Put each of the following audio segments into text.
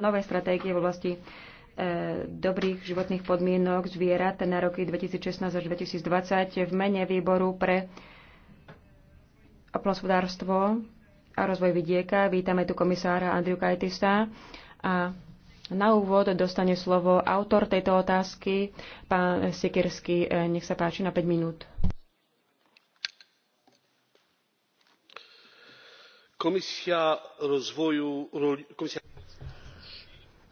nové stratégie v oblasti e, dobrých životných podmienok zvierat na roky 2016 až 2020 v mene výboru pre plnospodárstvo a rozvoj vidieka. Vítame tu komisára Andriu Kajtista a na úvod dostane slovo autor tejto otázky, pán Sikersky. E, nech sa páči na 5 minút. Komisia rozvoju, komisia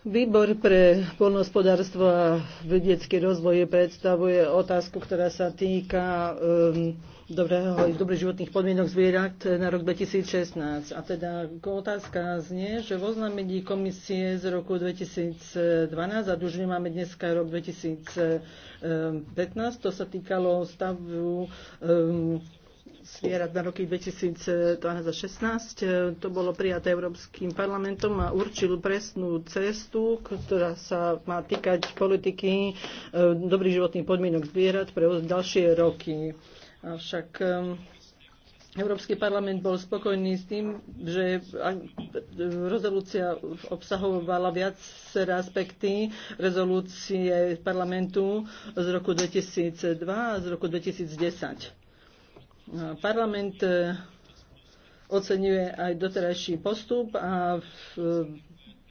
Výbor pre poľnohospodárstvo a vedecký rozvoj predstavuje otázku, ktorá sa týka um, dobrého, dobrých životných podmienok zvierat na rok 2016. A teda otázka znie, že v oznámení komisie z roku 2012, a už nemáme dneska rok 2015, to sa týkalo stavu um, zvierat na roky 2012 a 2016. To bolo prijaté Európskym parlamentom a určil presnú cestu, ktorá sa má týkať politiky e, dobrých životných podmienok zvierat pre ďalšie roky. Avšak e, Európsky parlament bol spokojný s tým, že rezolúcia obsahovala viaceré aspekty rezolúcie parlamentu z roku 2002 a z roku 2010 Parlament eh, oceňuje aj doterajší postup a v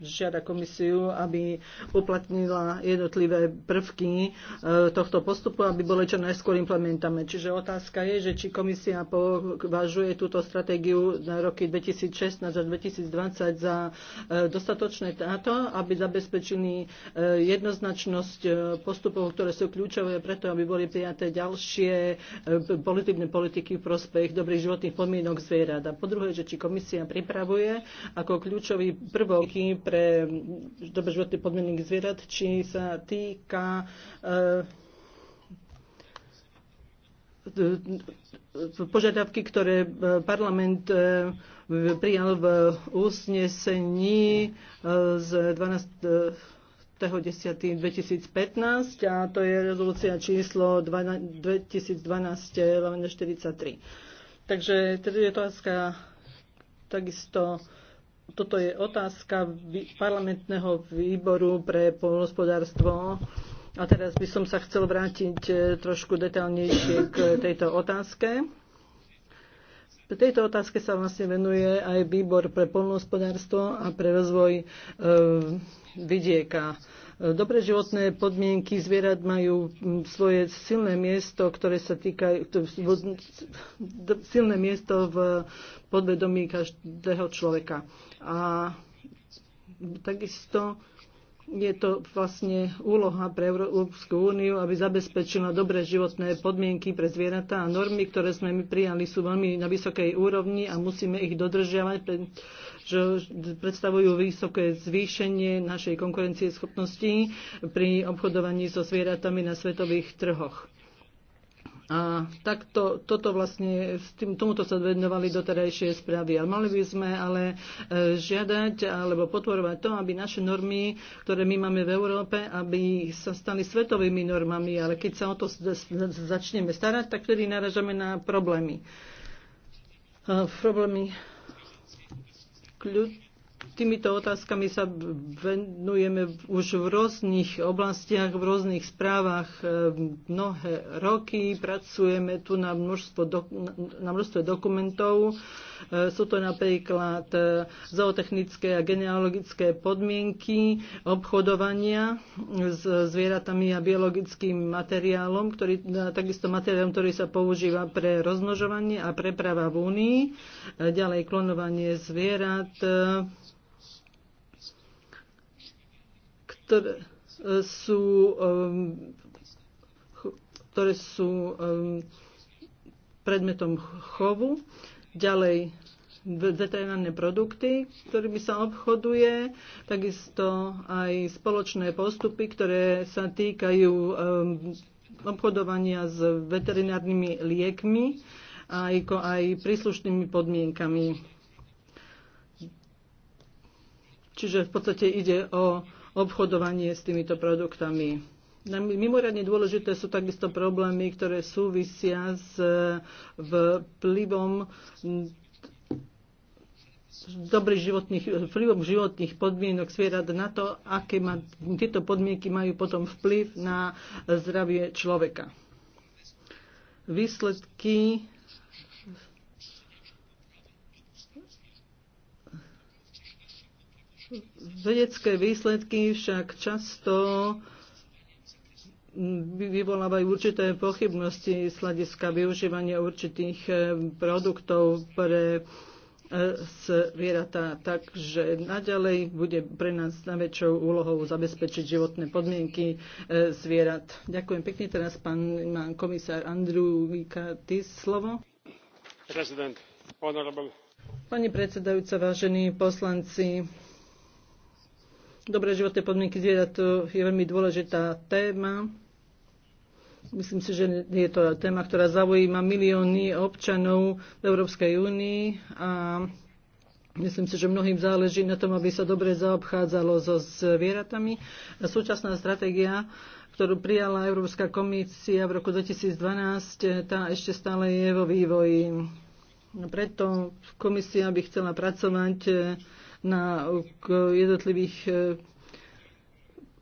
žiada komisiu, aby uplatnila jednotlivé prvky e, tohto postupu, aby boli čo najskôr implementáme. Čiže otázka je, že či komisia považuje túto stratégiu na roky 2016 až 2020 za e, dostatočné na to, aby zabezpečili e, jednoznačnosť postupov, ktoré sú kľúčové preto, aby boli prijaté ďalšie politické politiky v prospech dobrých životných podmienok zvierat. A po druhé, že či komisia pripravuje ako kľúčový prvok pre dobre životné podmienky zvierat, či sa týka eh, eh, požiadavky, ktoré eh, parlament prijal v úsnesení z 12.10.2015 a to je rezolúcia číslo 2012 43. Takže tedy je to otázka takisto toto je otázka parlamentného výboru pre polnospodárstvo. A teraz by som sa chcel vrátiť e, trošku detaľnejšie k tejto otázke. V tejto otázke sa vlastne venuje aj výbor pre poľnohospodárstvo a pre rozvoj e, vidieka. Dobré životné podmienky zvierat majú mm, svoje silné miesto, ktoré sa týka silné miesto v podvedomí každého človeka. A takisto je to vlastne úloha pre Európsku úniu, aby zabezpečila dobré životné podmienky pre zvieratá a normy, ktoré sme my prijali, sú veľmi na vysokej úrovni a musíme ich dodržiavať, pretože predstavujú vysoké zvýšenie našej konkurencieschopnosti pri obchodovaní so zvieratami na svetových trhoch. A takto, toto vlastne, s tým, tomuto sa venovali doterajšie správy. Ale mali by sme ale e, žiadať alebo potvorovať to, aby naše normy, ktoré my máme v Európe, aby sa stali svetovými normami. Ale keď sa o to začneme starať, tak vtedy naražame na problémy. E, problémy kľud, Týmito otázkami sa venujeme už v rôznych oblastiach, v rôznych správach e, mnohé roky. Pracujeme tu na, množstvo na množstve dokumentov. E, sú to napríklad e, zootechnické a genealogické podmienky obchodovania s zvieratami a biologickým materiálom, ktorý, takisto materiálom, ktorý sa používa pre rozmnožovanie a preprava v Únii. Ďalej klonovanie zvierat, E, ktoré sú, ktoré sú predmetom chovu. Ďalej veterinárne produkty, ktorými sa obchoduje, takisto aj spoločné postupy, ktoré sa týkajú obchodovania s veterinárnymi liekmi a aj príslušnými podmienkami. Čiže v podstate ide o obchodovanie s týmito produktami. Mimoriadne dôležité sú takisto problémy, ktoré súvisia s vplyvom mm, dobrých životných, vplyvom životných podmienok zvierat na to, aké ma, tieto podmienky majú potom vplyv na zdravie človeka. Výsledky Vedecké výsledky však často vyvolávajú určité pochybnosti z hľadiska využívania určitých eh, produktov pre eh, zvieratá. Takže naďalej bude pre nás najväčšou úlohou zabezpečiť životné podmienky eh, zvierat. Ďakujem pekne. Teraz pán, pán komisár Andrew ty slovo. Pani predsedajúca, vážení poslanci, Dobré životné podmienky zvierat to je veľmi dôležitá téma. Myslím si, že je to téma, ktorá zaujíma milióny občanov v Európskej únii a Myslím si, že mnohým záleží na tom, aby sa dobre zaobchádzalo so zvieratami. Súčasná stratégia, ktorú prijala Európska komisia v roku 2012, tá ešte stále je vo vývoji. Preto komisia by chcela pracovať na jednotlivých e,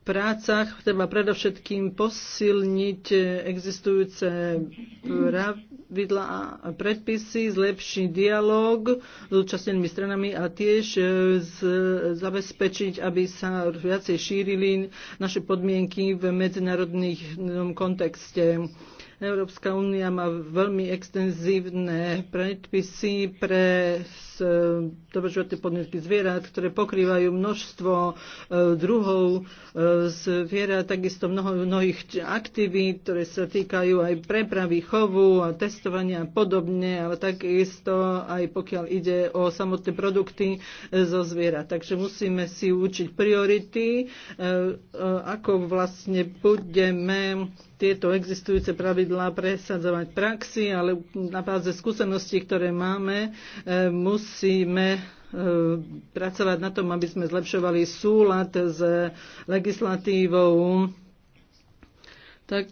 prácach treba predovšetkým posilniť existujúce pravidla a predpisy, zlepšiť dialog s účastnenými stranami a tiež e, z, zabezpečiť, aby sa viacej šírili naše podmienky v medzinárodných kontexte. Európska únia má veľmi extenzívne predpisy pre E, dobroživotné podmienky zvierat, ktoré pokrývajú množstvo e, druhov e, zvierat, takisto mnoho mnohých aktivít, ktoré sa týkajú aj prepravy, chovu a testovania a podobne, ale takisto aj pokiaľ ide o samotné produkty zo zvierat. Takže musíme si učiť priority, ako vlastne budeme tieto existujúce pravidlá presadzovať praxi, ale na báze skúseností, ktoré máme, musí musíme e, pracovať na tom, aby sme zlepšovali súlad s legislatívou, tak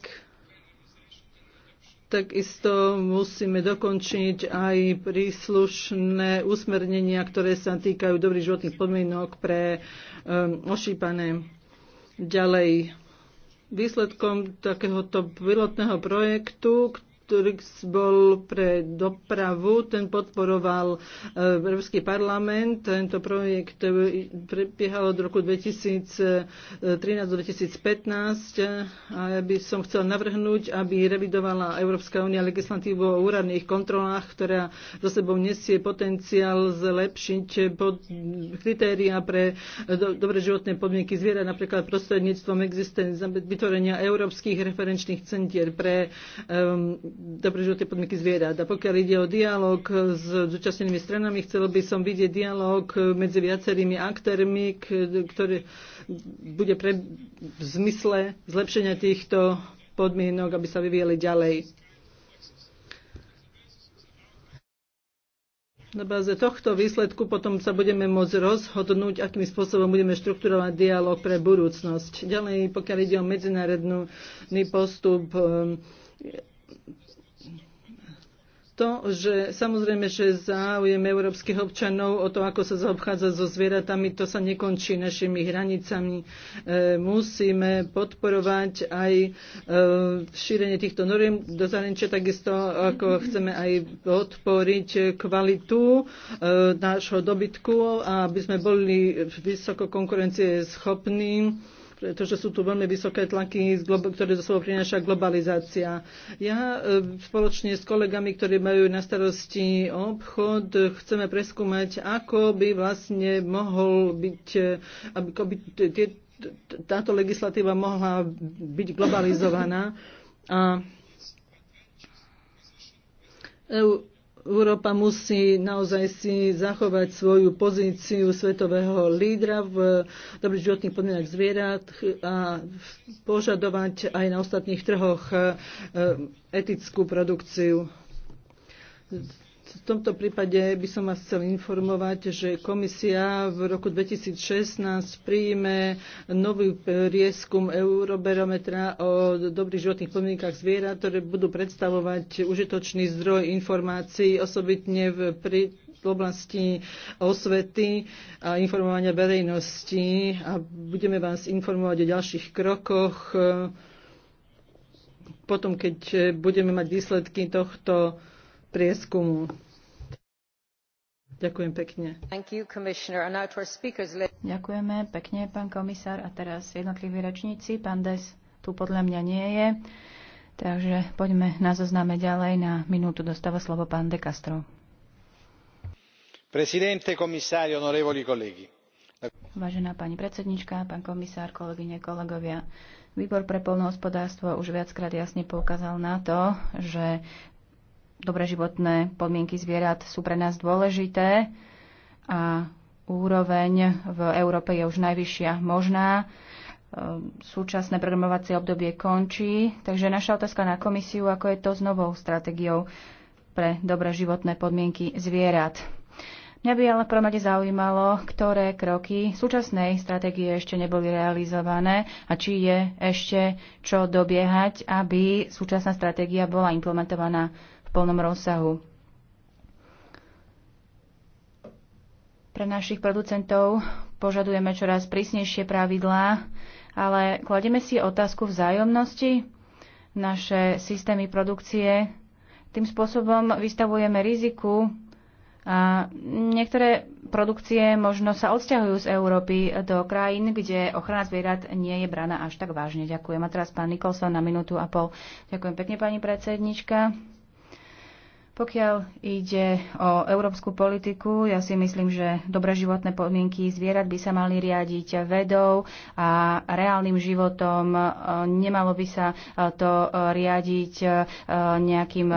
Takisto musíme dokončiť aj príslušné usmernenia, ktoré sa týkajú dobrých životných podmienok pre um, ošípané. Ďalej, výsledkom takéhoto pilotného projektu, Turks bol pre dopravu, ten podporoval eh, Európsky parlament. Tento projekt eh, prebiehal od roku 2013 eh, do 2015 a ja by som chcel navrhnúť, aby revidovala Európska únia legislatívu o úradných kontrolách, ktorá za sebou nesie potenciál zlepšiť pod kritéria pre do, dobre životné podmienky zvierat, napríklad prostredníctvom vytvorenia európskych referenčných centier pre um, dobre životné podmienky zvierat. A pokiaľ ide o dialog s zúčastnenými stranami, chcel by som vidieť dialog medzi viacerými aktérmi, ktorý bude pre v zmysle zlepšenia týchto podmienok, aby sa vyvíjali ďalej. Na báze tohto výsledku potom sa budeme môcť rozhodnúť, akým spôsobom budeme štrukturovať dialog pre budúcnosť. Ďalej, pokiaľ ide o medzinárodný postup, to, že samozrejme, že záujem európskych občanov o to, ako sa zaobchádza so zvieratami, to sa nekončí našimi hranicami. E, musíme podporovať aj e, šírenie týchto noriem do zahraničia, takisto ako chceme aj podporiť kvalitu e, nášho dobytku, aby sme boli vysoko konkurencie schopní pretože sú tu veľmi vysoké tlaky, ktoré do sebou prináša globalizácia. Ja e, spoločne s kolegami, ktorí majú na starosti obchod, chceme preskúmať, ako by vlastne mohol byť, e, ako by táto legislatíva mohla byť globalizovaná. A Európa musí naozaj si zachovať svoju pozíciu svetového lídra v dobrých životných podmienkach zvierat a požadovať aj na ostatných trhoch eh, etickú produkciu. V tomto prípade by som vás chcel informovať, že komisia v roku 2016 príjme nový prieskum Eurobarometra o dobrých životných podmienkach zvierat, ktoré budú predstavovať užitočný zdroj informácií, osobitne v pri v oblasti osvety a informovania verejnosti a budeme vás informovať o ďalších krokoch eh, potom, keď eh, budeme mať výsledky tohto prieskumu. Ďakujem pekne. Ďakujeme pekne, pán komisár. A teraz jednotliví rečníci. Pán Des tu podľa mňa nie je. Takže poďme na zozname ďalej. Na minútu dostáva slovo pán De Castro. Presidente, komisári, onorevoli kolegi. Vážená pani predsednička, pán komisár, kolegyne, kolegovia. Výbor pre polnohospodárstvo už viackrát jasne poukázal na to, že dobré životné podmienky zvierat sú pre nás dôležité a úroveň v Európe je už najvyššia možná. Ehm, súčasné programovacie obdobie končí, takže naša otázka na komisiu, ako je to s novou stratégiou pre dobré životné podmienky zvierat. Mňa by ale prvom rade zaujímalo, ktoré kroky súčasnej stratégie ešte neboli realizované a či je ešte čo dobiehať, aby súčasná stratégia bola implementovaná v plnom rozsahu. Pre našich producentov požadujeme čoraz prísnejšie pravidlá, ale kladieme si otázku vzájomnosti. Naše systémy produkcie tým spôsobom vystavujeme riziku a niektoré produkcie možno sa odsťahujú z Európy do krajín, kde ochrana zvierat nie je braná až tak vážne. Ďakujem. A teraz pán Nikolson na minútu a pol. Ďakujem pekne, pani predsednička. Pokiaľ ide o európsku politiku, ja si myslím, že dobré životné podmienky zvierat by sa mali riadiť vedou a reálnym životom. E, nemalo by sa e, to e, riadiť nejakým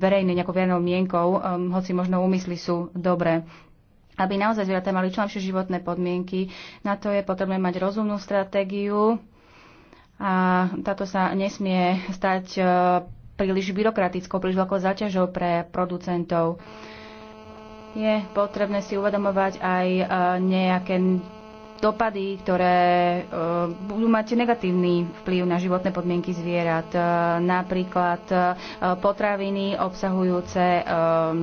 verejným, nejakou verejnou mienkou, hoci možno úmysly sú dobré aby naozaj zvieratá mali čo najlepšie životné podmienky. Na to je potrebné mať rozumnú stratégiu a táto sa nesmie stať príliš byrokratickou, príliš veľkou zaťažou pre producentov. Je potrebné si uvedomovať aj eh, nejaké dopady, ktoré eh, budú mať negatívny vplyv na životné podmienky zvierat. Eh, napríklad eh, potraviny obsahujúce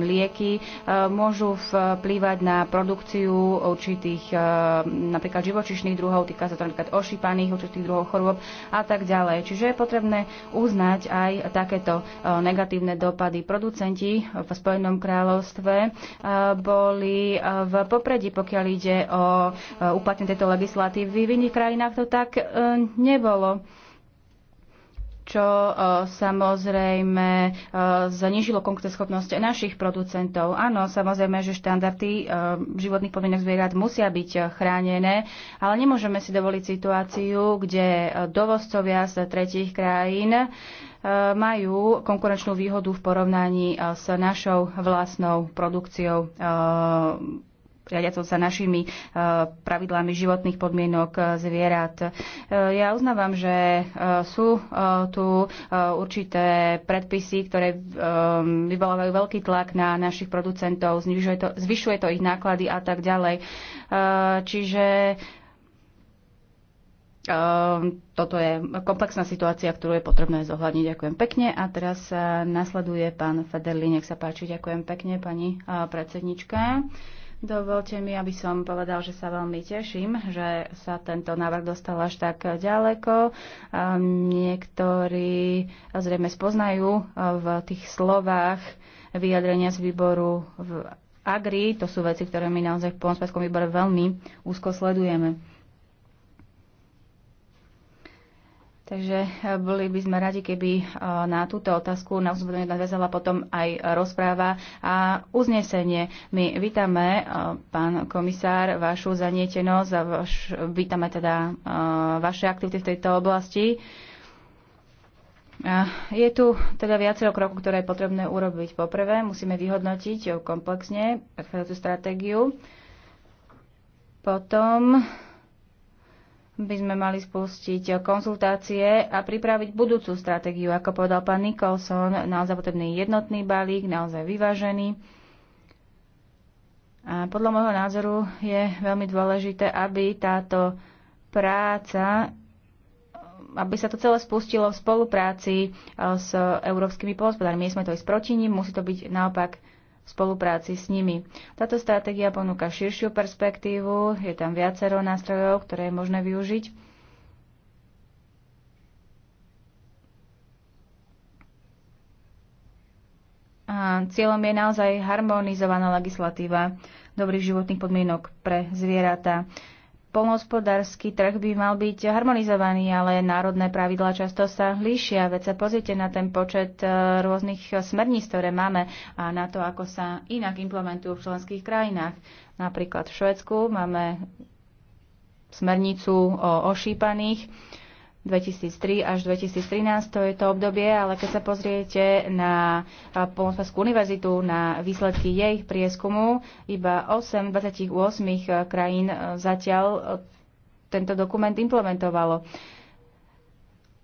lieky môžu vplývať na produkciu určitých napríklad živočišných druhov, týka sa to napríklad ošípaných určitých druhov chorôb a tak ďalej. Čiže je potrebné uznať aj takéto negatívne dopady. Producenti v Spojenom kráľovstve boli v popredí, pokiaľ ide o uplatnenie tejto legislatívy. V iných krajinách to tak e, nebolo čo e, samozrejme e, zanižilo konkurenceschopnosť našich producentov. Áno, samozrejme, že štandardy životných podmienok zvierat musia byť chránené, ale nemôžeme si dovoliť situáciu, kde dovozcovia z tretich krajín majú konkurenčnú výhodu v porovnaní s našou vlastnou produkciou riadiacou sa našimi e, pravidlami životných podmienok e, zvierat. E, ja uznávam, že sú tu určité predpisy, ktoré vyvolávajú veľký tlak na našich producentov, zvyšuje to, zvyšuje to ich náklady a tak ďalej. Čiže toto je komplexná situácia, ktorú je potrebné zohľadniť. Ďakujem pekne. A teraz nasleduje pán Federli. Nech sa páči. Ďakujem pekne, pani predsednička. Dovolte mi, aby som povedal, že sa veľmi teším, že sa tento návrh dostal až tak ďaleko. Ehm, niektorí zrejme spoznajú e, v tých slovách vyjadrenia z výboru v Agri. To sú veci, ktoré my naozaj v Polnospadskom výbore veľmi úzko sledujeme. Takže eh, boli by sme radi, keby eh, na túto otázku na uzbudenie nadviazala potom aj rozpráva a uznesenie. My vítame, eh, pán komisár, vašu zanietenosť a vaš, vítame teda vaše aktivity v tejto oblasti. Je tu teda viacero krokov, ktoré je potrebné urobiť. Poprvé, musíme vyhodnotiť komplexne predchádzajúcu stratégiu. Potom by sme mali spustiť konzultácie a pripraviť budúcu stratégiu. Ako povedal pán Nicholson, naozaj potrebný jednotný balík, naozaj vyvážený. A podľa môjho názoru je veľmi dôležité, aby táto práca aby sa to celé spustilo v spolupráci eh, s európskymi pohospodármi. Nie sme to ísť proti ním, musí to byť naopak spolupráci s nimi. Táto stratégia ponúka širšiu perspektívu, je tam viacero nástrojov, ktoré je možné využiť. A cieľom je naozaj harmonizovaná legislatíva dobrých životných podmienok pre zvieratá polnohospodársky trh by mal byť harmonizovaný, ale národné pravidlá často sa líšia. Veď sa pozrite na ten počet e, rôznych smerníc, ktoré máme a na to, ako sa inak implementujú v členských krajinách. Napríklad v Švedsku máme smernicu o ošípaných 2003 až 2013, to je to obdobie, ale keď sa pozriete na Polnospodárskú univerzitu, na výsledky jej prieskumu, iba 8 28 e, krajín e, zatiaľ e, tento dokument implementovalo.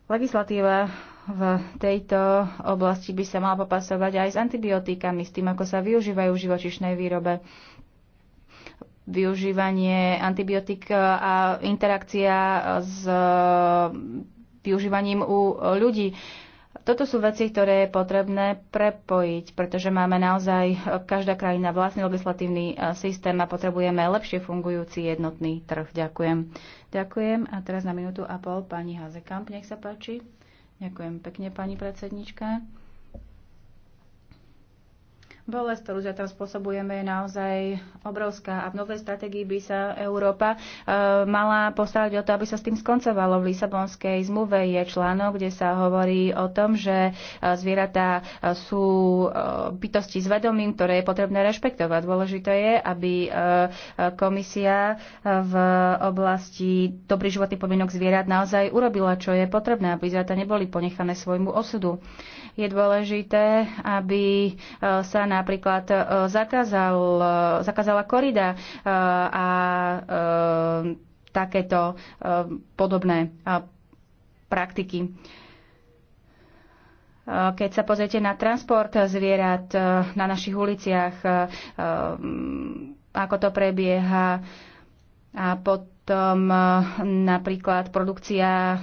Legislatíva v tejto oblasti by sa mala popasovať aj s antibiotikami, s tým, ako sa využívajú v živočišnej výrobe využívanie antibiotík a interakcia s e, využívaním u ľudí. Toto sú veci, ktoré je potrebné prepojiť, pretože máme naozaj e, každá krajina vlastný legislatívny e, systém a potrebujeme lepšie fungujúci jednotný trh. Ďakujem. Ďakujem. A teraz na minútu a pol pani Hazekamp, nech sa páči. Ďakujem pekne, pani predsednička. Bolesť, ktorú tam spôsobujeme, je naozaj obrovská a v novej stratégii by sa Európa e, mala postarať o to, aby sa s tým skoncovalo. V Lisabonskej zmluve je článok, kde sa hovorí o tom, že e, zvieratá e, sú e, bytosti s vedomím, ktoré je potrebné rešpektovať. Dôležité je, aby komisia v oblasti dobrý životný podmienok zvierat naozaj urobila, čo je potrebné, aby zvieratá neboli ponechané svojmu osudu. Je dôležité, aby sa na napríklad e, zakázal, e, zakázala korida e, a takéto podobné praktiky. Keď sa pozriete na transport zvierat na našich uliciach, ako to prebieha a potom potom e, napríklad produkcia e,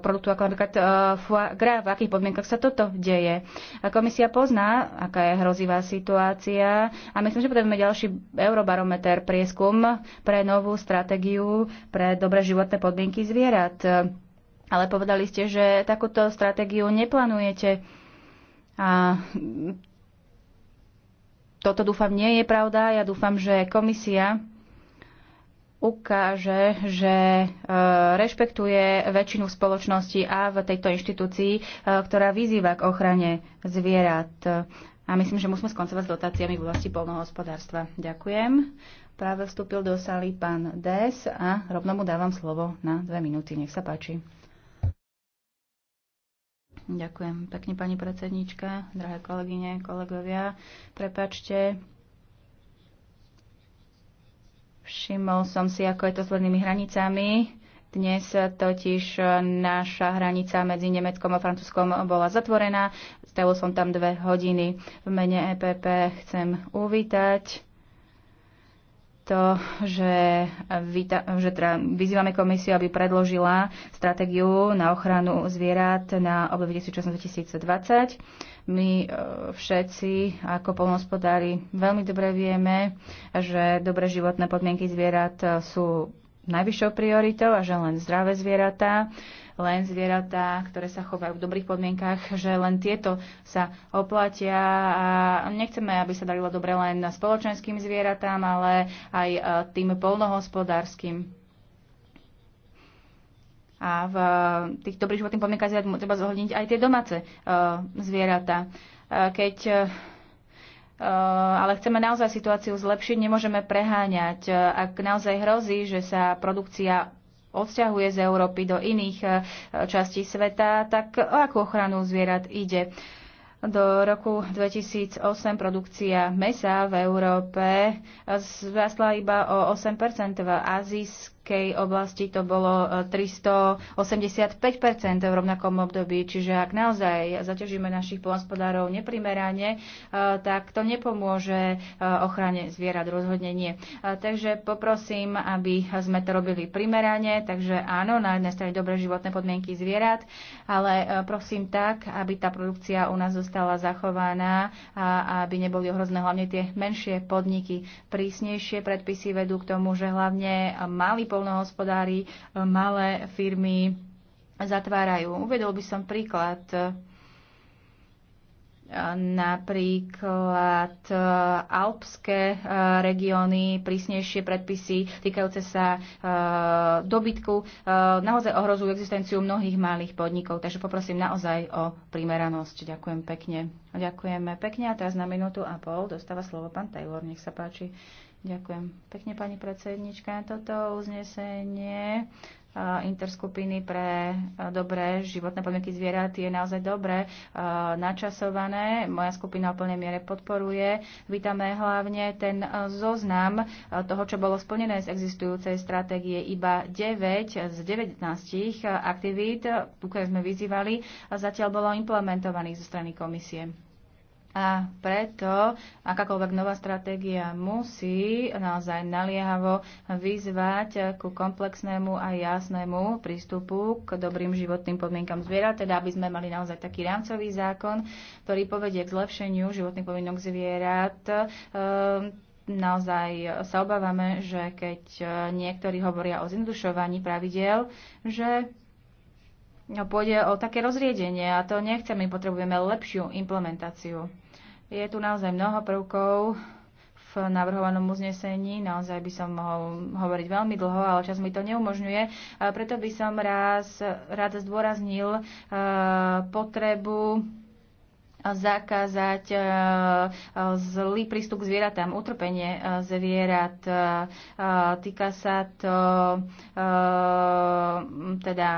produktu ako napríklad e, foie gras, v akých podmienkach sa toto deje. Komisia pozná, aká je hrozivá situácia a myslím, že potrebujeme ďalší eurobarometer prieskum pre novú stratégiu pre dobré životné podmienky zvierat. Ale povedali ste, že takúto stratégiu neplánujete. A toto dúfam nie je pravda. Ja dúfam, že komisia ukáže, že e, rešpektuje väčšinu spoločnosti a v tejto inštitúcii, e, ktorá vyzýva k ochrane zvierat. A myslím, že musíme skoncovať s dotáciami v oblasti polnohospodárstva. Ďakujem. Práve vstúpil do sály pán Des a rovno mu dávam slovo na dve minúty. Nech sa páči. Ďakujem pekne, pani predsednička, drahé kolegyne, kolegovia. Prepačte, Všimol som si, ako je to s lednými hranicami. Dnes totiž naša hranica medzi Nemeckom a Francúzskom bola zatvorená. Stalo som tam dve hodiny. V mene EPP chcem uvítať to, že, víta, že teda vyzývame komisiu, aby predložila stratégiu na ochranu zvierat na obdobie 2016-2020 my e, všetci ako polnospodári veľmi dobre vieme, že dobré životné podmienky zvierat e, sú najvyššou prioritou a že len zdravé zvieratá, len zvieratá, ktoré sa chovajú v dobrých podmienkach, že len tieto sa oplatia a nechceme, aby sa darilo dobre len spoločenským zvieratám, ale aj e, tým polnohospodárským. A v eh, tých dobrých životných podmienkach treba zohľadniť aj tie domáce eh, zvieratá. Eh, keď ale chceme naozaj situáciu zlepšiť, nemôžeme preháňať. Ak naozaj hrozí, že sa produkcia odsťahuje z Európy do iných častí sveta, tak o akú ochranu zvierat ide? Do roku 2008 produkcia mesa v Európe vzrastla iba o 8 v Ázii vedeckej oblasti to bolo 385 e, v rovnakom období. Čiže ak naozaj zaťažíme našich pohospodárov neprimerane, e, tak to nepomôže e, ochrane zvierat rozhodne nie. Takže poprosím, aby sme to robili primerane. Takže áno, na jednej strane dobré životné podmienky zvierat, ale prosím tak, aby tá produkcia u nás zostala zachovaná a aby neboli ohrozené hlavne tie menšie podniky. Prísnejšie predpisy vedú k tomu, že hlavne malí polnohospodári, e, malé firmy zatvárajú. Uvedol by som príklad e, napríklad e, alpské regióny, prísnejšie predpisy týkajúce sa dobytku, naozaj ohrozujú existenciu mnohých malých podnikov. Takže poprosím naozaj o primeranosť. Ďakujem pekne. Ďakujeme pekne a teraz na minútu a pol dostáva slovo pán Taylor. Nech sa páči. Ďakujem pekne, pani predsednička. Toto uznesenie interskupiny pre dobré životné podmienky zvierat je naozaj dobre načasované. Moja skupina o plnej miere podporuje. Vítame hlavne ten zoznam toho, čo bolo splnené z existujúcej stratégie iba 9 z 19 aktivít, ktoré sme vyzývali, zatiaľ bolo implementovaných zo strany komisie. A preto akákoľvek nová stratégia musí naozaj naliehavo vyzvať ku komplexnému a jasnému prístupu k dobrým životným podmienkam zvierat, teda aby sme mali naozaj taký rámcový zákon, ktorý povedie k zlepšeniu životných podmienok zvierat. Ehm, naozaj sa obávame, že keď niektorí hovoria o zjednodušovaní pravidel, že pôjde o také rozriedenie a to nechcem, my potrebujeme lepšiu implementáciu. Je tu naozaj mnoho prvkov v navrhovanom uznesení, naozaj by som mohol hovoriť veľmi dlho, ale čas mi to neumožňuje. Preto by som raz, rád zdôraznil e, potrebu zakázať e, zlý prístup k zvieratám, utrpenie e, zvierat. Týka sa to teda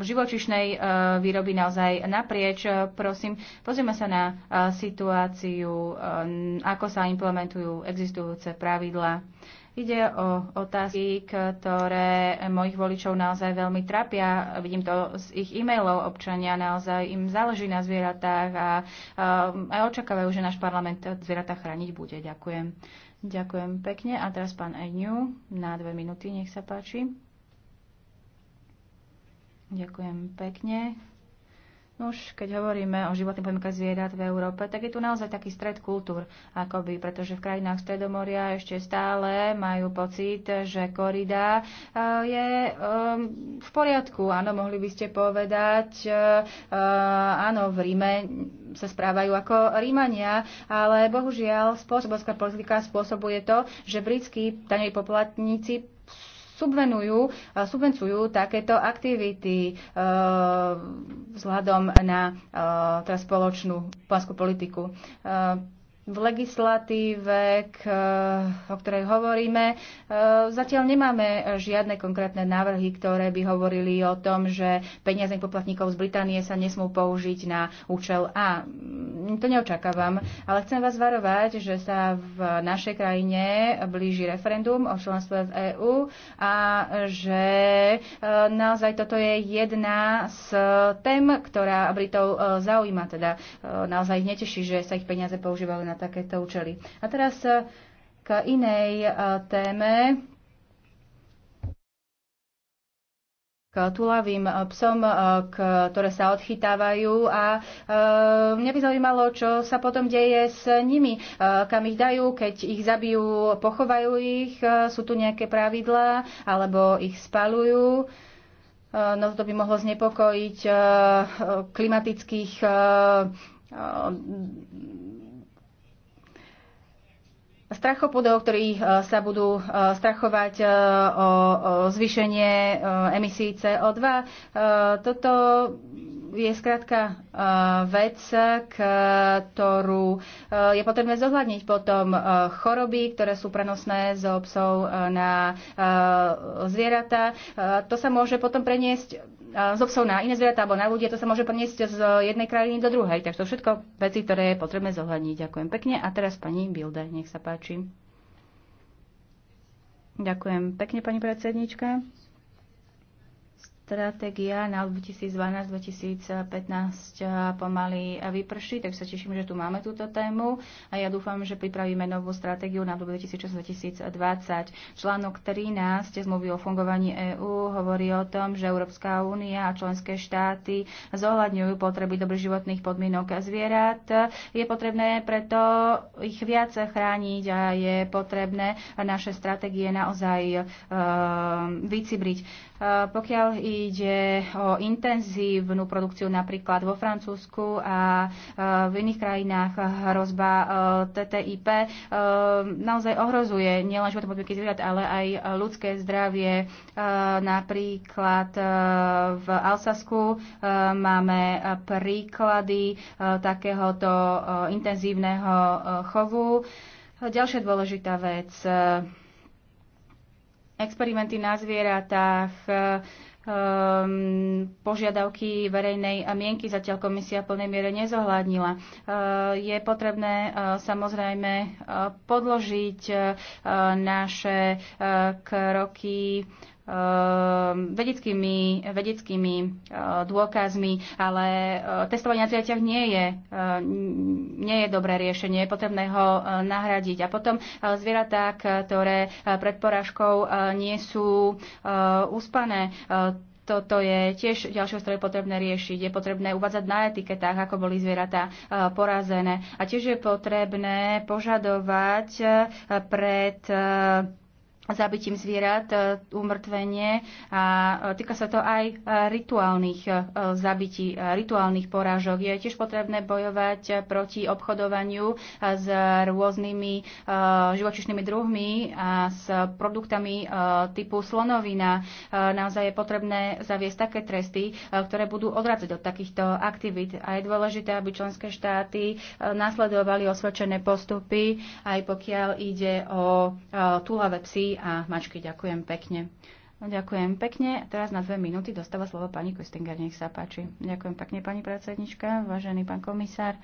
živočišnej e, výroby naozaj naprieč. E, prosím, pozrieme sa na e, situáciu, ako sa implementujú existujúce pravidlá. Ide o otázky, ktoré mojich voličov naozaj veľmi trapia. Vidím to z ich e-mailov občania, naozaj im záleží na zvieratách a, a očakávajú, že náš parlament zvieratá chrániť bude. Ďakujem. Ďakujem pekne. A teraz pán Eňu na dve minúty, nech sa páči. Ďakujem pekne. Už keď hovoríme o životných podmienkach zvierat v Európe, tak je tu naozaj taký stred kultúr, akoby, pretože v krajinách Stredomoria ešte stále majú pocit, že korida eh, je eh, v poriadku. Áno, mohli by ste povedať, eh, áno, v Ríme sa správajú ako Rímania, ale bohužiaľ spôsobovská politika spôsobuje to, že britskí daňoví poplatníci subvenujú, subvencujú takéto aktivity e, vzhľadom na e, teda spoločnú plánsku politiku. E, v legislatíve, k, e, o ktorej hovoríme. E, zatiaľ nemáme žiadne konkrétne návrhy, ktoré by hovorili o tom, že peniaze poplatníkov z Británie sa nesmú použiť na účel A. Mm, to neočakávam, ale chcem vás varovať, že sa v našej krajine blíži referendum o členstve v EÚ a že e, naozaj toto je jedna z tém, ktorá Britov zaujíma. Teda naozaj ich neteší, že sa ich peniaze používajú na na takéto účely. A teraz eh, k inej eh, téme. k tulavým eh, psom, ktoré sa odchytávajú a mňa by zaujímalo, čo sa potom deje s nimi, kam ich dajú, keď ich zabijú, pochovajú ich, sú tu nejaké pravidlá, alebo ich spalujú. No to by mohlo znepokojiť klimatických Strachopodov, ktorí eh, sa budú eh, strachovať eh, o zvýšenie emisí CO2. Toto je skrátka vec, ktorú je potrebné zohľadniť potom choroby, ktoré sú prenosné zo psov na zvieratá. To sa môže potom preniesť z psov na iné zvieratá alebo na ľudia, to sa môže preniesť z jednej krajiny do druhej. Takže to všetko veci, ktoré je potrebné zohľadniť. Ďakujem pekne. A teraz pani Bilde, nech sa páči. Ďakujem pekne, pani predsednička stratégia na 2012-2015 eh, pomaly eh, vyprší, tak sa teším, že tu máme túto tému a ja dúfam, že pripravíme novú stratégiu na rok 2006-2020. Článok 13 zmluvy o fungovaní EÚ hovorí o tom, že Európska únia a členské štáty zohľadňujú potreby dobrých životných podmienok a zvierat. Je potrebné preto ich viac chrániť a je potrebné naše stratégie naozaj e, vycibriť. Eh, pokiaľ ide o intenzívnu produkciu napríklad vo Francúzsku a eh, v iných krajinách hrozba eh, TTIP naozaj ohrozuje nielen život podmienky zvierat, ale aj ľudské zdravie. Napríklad v Alsasku máme príklady takéhoto intenzívneho chovu. Ďalšia dôležitá vec experimenty na zvieratách, um, požiadavky verejnej mienky zatiaľ komisia v plnej miere nezohľadnila. Uh, je potrebné uh, samozrejme uh, podložiť uh, naše uh, kroky uh, Ehm, vedeckými, vedeckými e, dôkazmi, ale e, testovanie na zviatiach nie je, e, nie je dobré riešenie, je potrebné ho nahradiť. A potom zvieratá, ktoré pred porážkou nie sú uspané, toto je tiež ďalšie ktoré je potrebné riešiť. Je potrebné uvádzať na etiketách, ako boli zvieratá porazené. A tiež je potrebné požadovať pred zabitím zvierat, e, umrtvenie a e, týka sa to aj e, rituálnych zabití, rituálnych porážok. Je tiež potrebné bojovať proti obchodovaniu s rôznymi živočišnými druhmi a s produktami typu slonovina. Naozaj je potrebné zaviesť také tresty, ktoré budú odradzať od takýchto aktivít. A je dôležité, aby členské štáty nasledovali osvedčené postupy, aj pokiaľ ide o túlave psy a mačky. Ďakujem pekne. No, ďakujem pekne. Teraz na dve minúty dostáva slovo pani Kostinger, nech sa páči. Ďakujem pekne, pani predsednička, vážený pán komisár.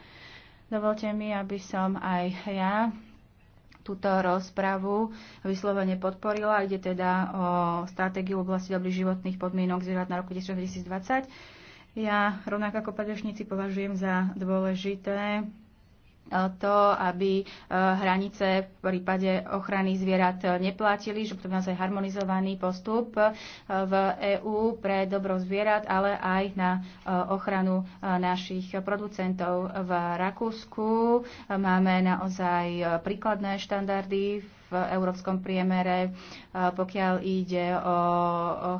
Dovolte mi, aby som aj ja túto rozpravu vyslovene podporila. Ide teda o stratégiu v oblasti dobrých životných podmienok zvierat na roku 2020. Ja rovnako ako predrečníci považujem za dôležité to, aby e, hranice v prípade ochrany zvierat neplatili, že by naozaj harmonizovaný postup e, v EÚ pre dobro zvierat, ale aj na e, ochranu našich producentov v Rakúsku. Máme naozaj príkladné štandardy v v európskom priemere, e, pokiaľ ide o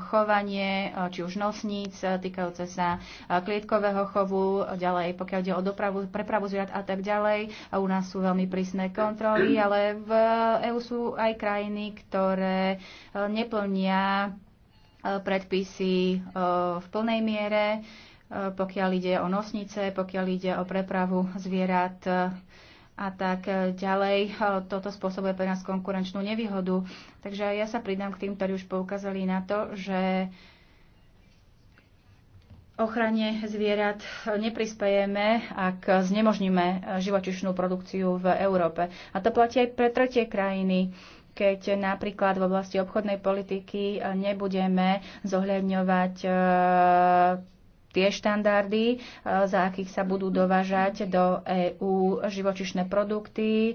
chovanie, e, či už nosníc, e, týkajúce sa klietkového chovu, ďalej pokiaľ ide o dopravu, prepravu zvierat a tak ďalej. U nás sú veľmi prísne kontroly, ale v EÚ sú aj krajiny, ktoré neplnia predpisy v plnej miere, pokiaľ ide o nosnice, pokiaľ ide o prepravu zvierat a tak e, ďalej. E, toto spôsobuje pre nás konkurenčnú nevýhodu. Takže ja sa pridám k tým, ktorí už poukázali na to, že ochrane zvierat neprispejeme, ak znemožníme živočišnú produkciu v Európe. A to platí aj pre tretie krajiny keď napríklad v oblasti obchodnej politiky nebudeme zohľadňovať e, tie štandardy, e, za akých sa budú dovážať do EÚ živočišné produkty, e,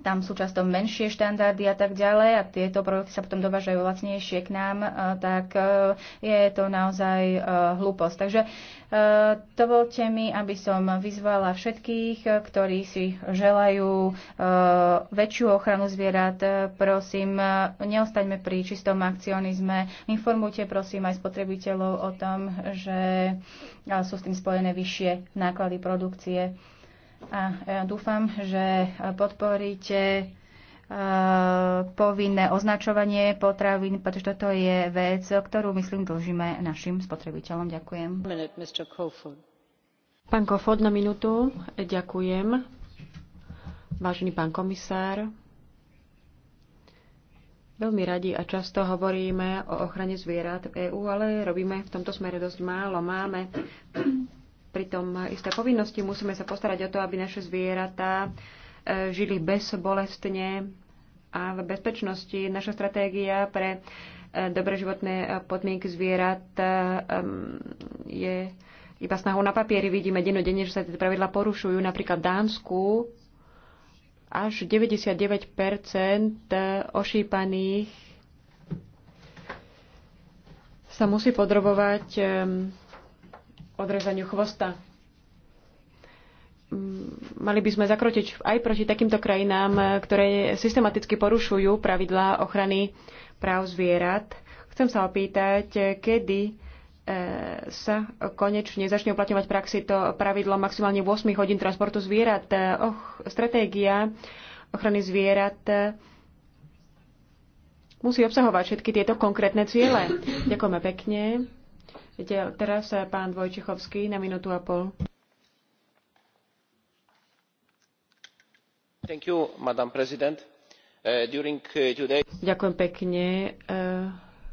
tam sú často menšie štandardy a tak ďalej a tieto produkty sa potom dovážajú lacnejšie k nám, e, tak e, je to naozaj e, hlúposť. Takže dovolte mi, aby som vyzvala všetkých, ktorí si želajú väčšiu ochranu zvierat. Prosím, neostaňme pri čistom akcionizme. Informujte prosím aj spotrebiteľov o tom, že sú s tým spojené vyššie náklady produkcie. A ja dúfam, že podporíte e, povinné označovanie potravín, pretože toto je vec, ktorú, myslím, dlžíme našim spotrebiteľom. Ďakujem. Pán Kofod na minútu. Ďakujem. Vážený pán komisár, Veľmi radi a často hovoríme o ochrane zvierat v EÚ, ale robíme v tomto smere dosť málo. Máme pritom isté povinnosti. Musíme sa postarať o to, aby naše zvieratá e, žili bezbolestne a v bezpečnosti. Naša stratégia pre e, dobré životné podmienky zvierat e, je iba snahou na papieri. Vidíme denodenne, že sa tie pravidla porušujú. Napríklad v Dánsku až 99 ošípaných sa musí podrobovať odrezaniu chvosta. Mm, mali by sme zakrotiť aj proti takýmto krajinám, eh, ktoré systematicky porušujú pravidlá ochrany práv zvierat. Chcem sa opýtať, eh, kedy eh, sa konečne začne uplatňovať praxi to pravidlo maximálne 8 hodín transportu zvierat. Och, stratégia ochrany zvierat musí obsahovať všetky tieto konkrétne ciele. Ďakujeme pekne. Teraz eh, pán Dvojčichovský na minútu a pol. Thank you, Madam President. Eh, eh, today... Ďakujem pekne.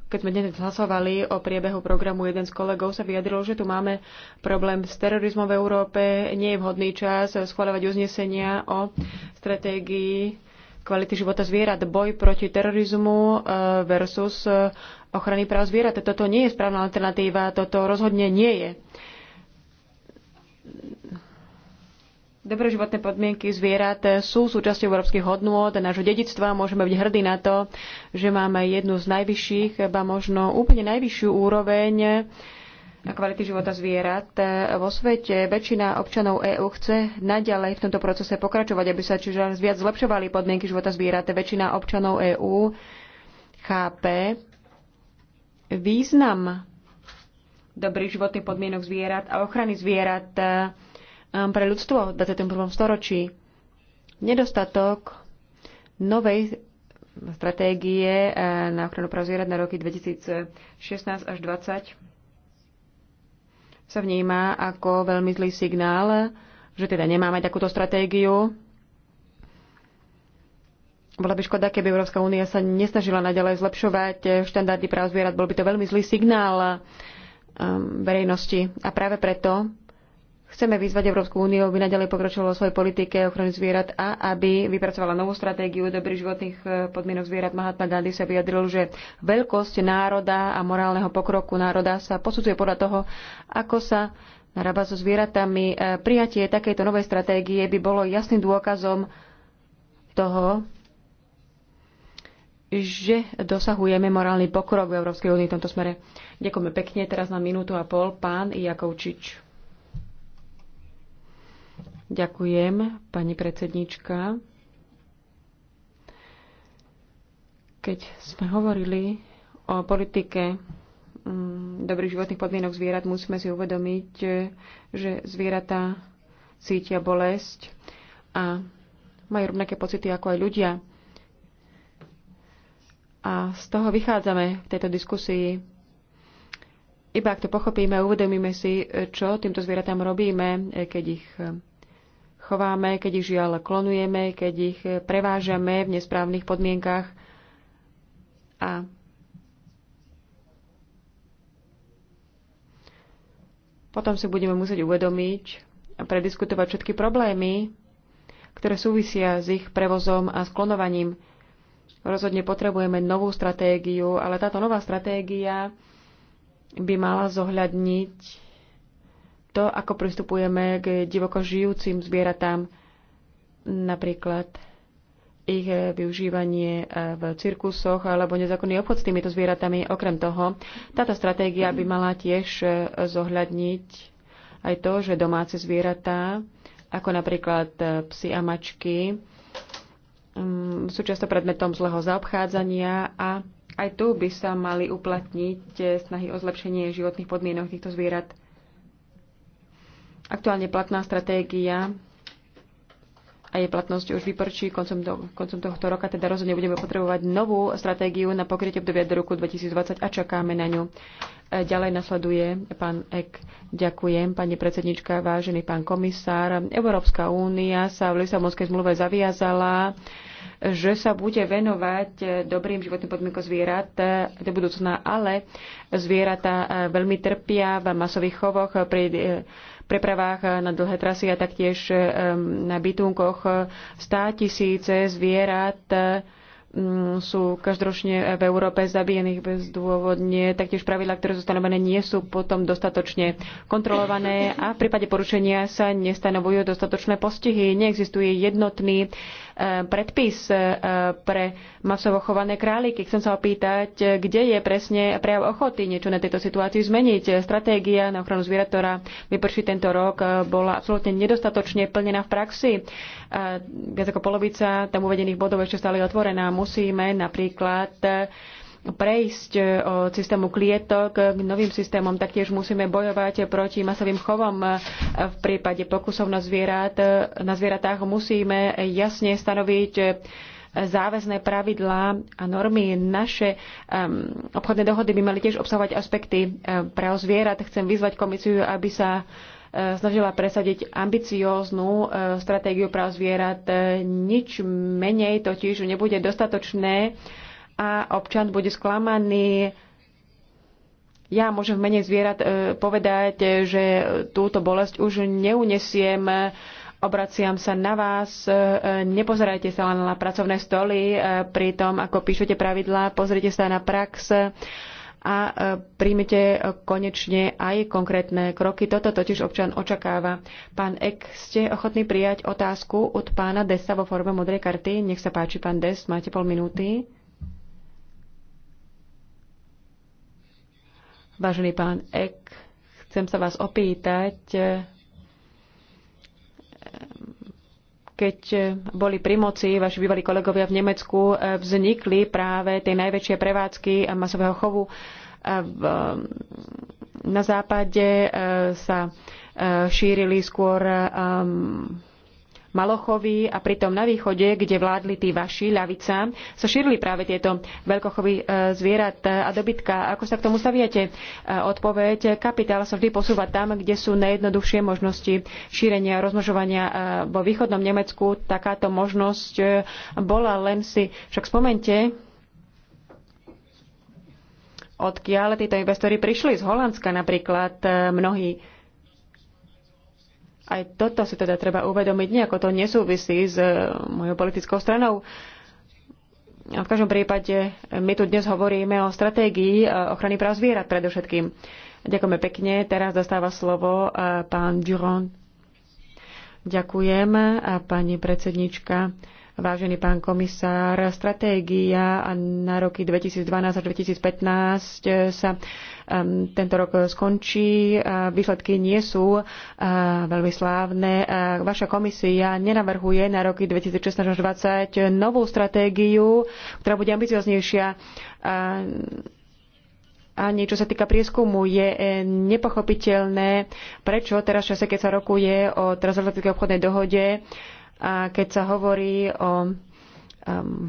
Keď sme dnes hlasovali o priebehu programu, jeden z kolegov sa vyjadril, že tu máme problém s terorizmom v Európe, nie je vhodný čas schváľovať uznesenia o stratégii kvality života zvierat, boj proti terorizmu e, versus e, ochrany práv zvierat. Toto nie je správna alternatíva, toto rozhodne nie je. Dobré životné podmienky zvierat sú súčasťou európskych hodnôt nášho dedictva. Môžeme byť hrdí na to, že máme jednu z najvyšších, ba možno úplne najvyššiu úroveň kvality života zvierat e, vo svete. Väčšina občanov EÚ chce naďalej v tomto procese pokračovať, aby sa čiže viac zlepšovali podmienky života zvierat. Väčšina občanov EÚ chápe význam dobrých životných podmienok zvierat a ochrany zvierat e, um, pre ľudstvo v 21. storočí. Nedostatok novej stratégie e, na ochranu práv zvierat na roky 2016 až 2020 sa vníma ako veľmi zlý signál, že teda nemáme takúto stratégiu. Bola by škoda, keby Európska únia sa nesnažila naďalej zlepšovať štandardy práv zvierat. Bol by to veľmi zlý signál um, verejnosti. A práve preto Chceme vyzvať Európsku úniu, aby nadalej pokročilo vo svojej politike ochrany zvierat a aby vypracovala novú stratégiu dobrých životných e, podmienok zvierat. Mahatma Gandhi sa vyjadril, že veľkosť národa a morálneho pokroku národa sa posudzuje podľa toho, ako sa narába so zvieratami. E, prijatie takejto novej stratégie by bolo jasným dôkazom toho, že dosahujeme morálny pokrok v Európskej únii v tomto smere. Ďakujeme pekne. Teraz na minútu a pol pán Jakovčič. Ďakujem, pani predsednička. Keď sme hovorili o politike mm, dobrých životných podmienok zvierat, musíme si uvedomiť, že zvieratá cítia bolesť a majú rovnaké pocity ako aj ľudia. A z toho vychádzame v tejto diskusii. Iba ak to pochopíme, uvedomíme si, čo týmto zvieratám robíme, keď ich chováme, keď ich žiaľ klonujeme, keď ich prevážame v nesprávnych podmienkach. A potom si budeme musieť uvedomiť a prediskutovať všetky problémy, ktoré súvisia s ich prevozom a sklonovaním. Rozhodne potrebujeme novú stratégiu, ale táto nová stratégia by mala zohľadniť to, ako pristupujeme k divoko žijúcim zvieratám, napríklad ich využívanie eh, v cirkusoch alebo nezákonný obchod s týmito zvieratami. Okrem toho, táto stratégia by mala tiež eh, zohľadniť aj to, že domáce zvieratá, ako napríklad eh, psy a mačky, mm, sú často predmetom zlého zaobchádzania a aj tu by sa mali uplatniť snahy o zlepšenie životných podmienok týchto zvierat. Aktuálne platná stratégia a jej platnosť už vyprčí koncom, do, koncom tohto roka, teda rozhodne budeme potrebovať novú stratégiu na pokrytie obdobia do roku 2020 a čakáme na ňu. E, ďalej nasleduje pán Ek. Ďakujem, pani predsednička, vážený pán komisár. Európska únia sa v Lisabonskej zmluve zaviazala, že sa bude venovať e, dobrým životným podmienkom zvierat e, do budúcna, ale zvieratá veľmi trpia v masových chovoch pri prepravách na dlhé trasy a taktiež e, na bytunkoch. Stá tisíce zvierat mm, sú každoročne v Európe zabijených bezdôvodne, taktiež pravidla, ktoré sú stanovené, nie sú potom dostatočne kontrolované a v prípade porušenia sa nestanovujú dostatočné postihy. Neexistuje jednotný predpis e, pre masovo chované králiky. Chcem sa opýtať, kde je presne prejav ochoty niečo na tejto situácii zmeniť. Stratégia na ochranu zvierat, ktorá vyprší tento rok, e, bola absolútne nedostatočne plnená v praxi. E, viac ako polovica tam uvedených bodov ešte stále je otvorená. Musíme napríklad prejsť e, od systému klietok e, k novým systémom. Taktiež musíme bojovať e, proti masovým chovom v prípade pokusov na, zvierat, na zvieratách. Musíme jasne stanoviť záväzné pravidlá a normy. Naše um, obchodné dohody by mali tiež obsahovať aspekty um, pre zvierat. Chcem vyzvať komisiu, aby sa snažila presadiť ambicióznu stratégiu práv zvierat. Nič menej totiž nebude dostatočné a občan bude sklamaný. Ja môžem v mene zvierat e, povedať, e, že túto bolesť už neunesiem. Obraciam sa na vás. E, nepozerajte sa len na pracovné stoly. Pri tom, ako píšete pravidlá, pozrite sa na prax a príjmete konečne aj konkrétne kroky. Toto totiž občan očakáva. Pán Ek, ste ochotní prijať otázku od pána Desa vo forme modrej karty? Nech sa páči, pán Des, máte pol minúty. Vážený pán Ek, chcem sa vás opýtať, eh, keď eh, boli pri moci vaši bývalí kolegovia v Nemecku, eh, vznikli práve tie najväčšie prevádzky masového chovu. Na západe sa šírili skôr Malochovi a pritom na východe, kde vládli tí vaši, ľavica, sa šírili práve tieto veľkochovy e, zvierat a dobytka. Ako sa k tomu staviate? E, odpoveď, kapitál sa vždy posúva tam, kde sú najjednoduchšie možnosti šírenia a rozmnožovania. E, vo východnom Nemecku takáto možnosť bola, len si však spomente, odkiaľ títo investori prišli, z Holandska napríklad mnohí aj toto si teda treba uvedomiť, nejako to nesúvisí s e, mojou politickou stranou. V každom prípade e, my tu dnes hovoríme o stratégii e, ochrany práv zvierat predovšetkým. Ďakujeme pekne. Teraz dostáva slovo pán Durand. Ďakujem, pani predsednička. Vážený pán komisár, stratégia na roky 2012 až 2015 sa um, tento rok skončí. Výsledky nie sú uh, veľmi slávne. Vaša komisia nenavrhuje na roky 2016 až 2020 novú stratégiu, ktorá bude ambicioznejšia ani čo sa týka prieskumu, je nepochopiteľné, prečo teraz v čase, keď sa rokuje o transatlantickej obchodnej dohode, a keď sa hovorí o um,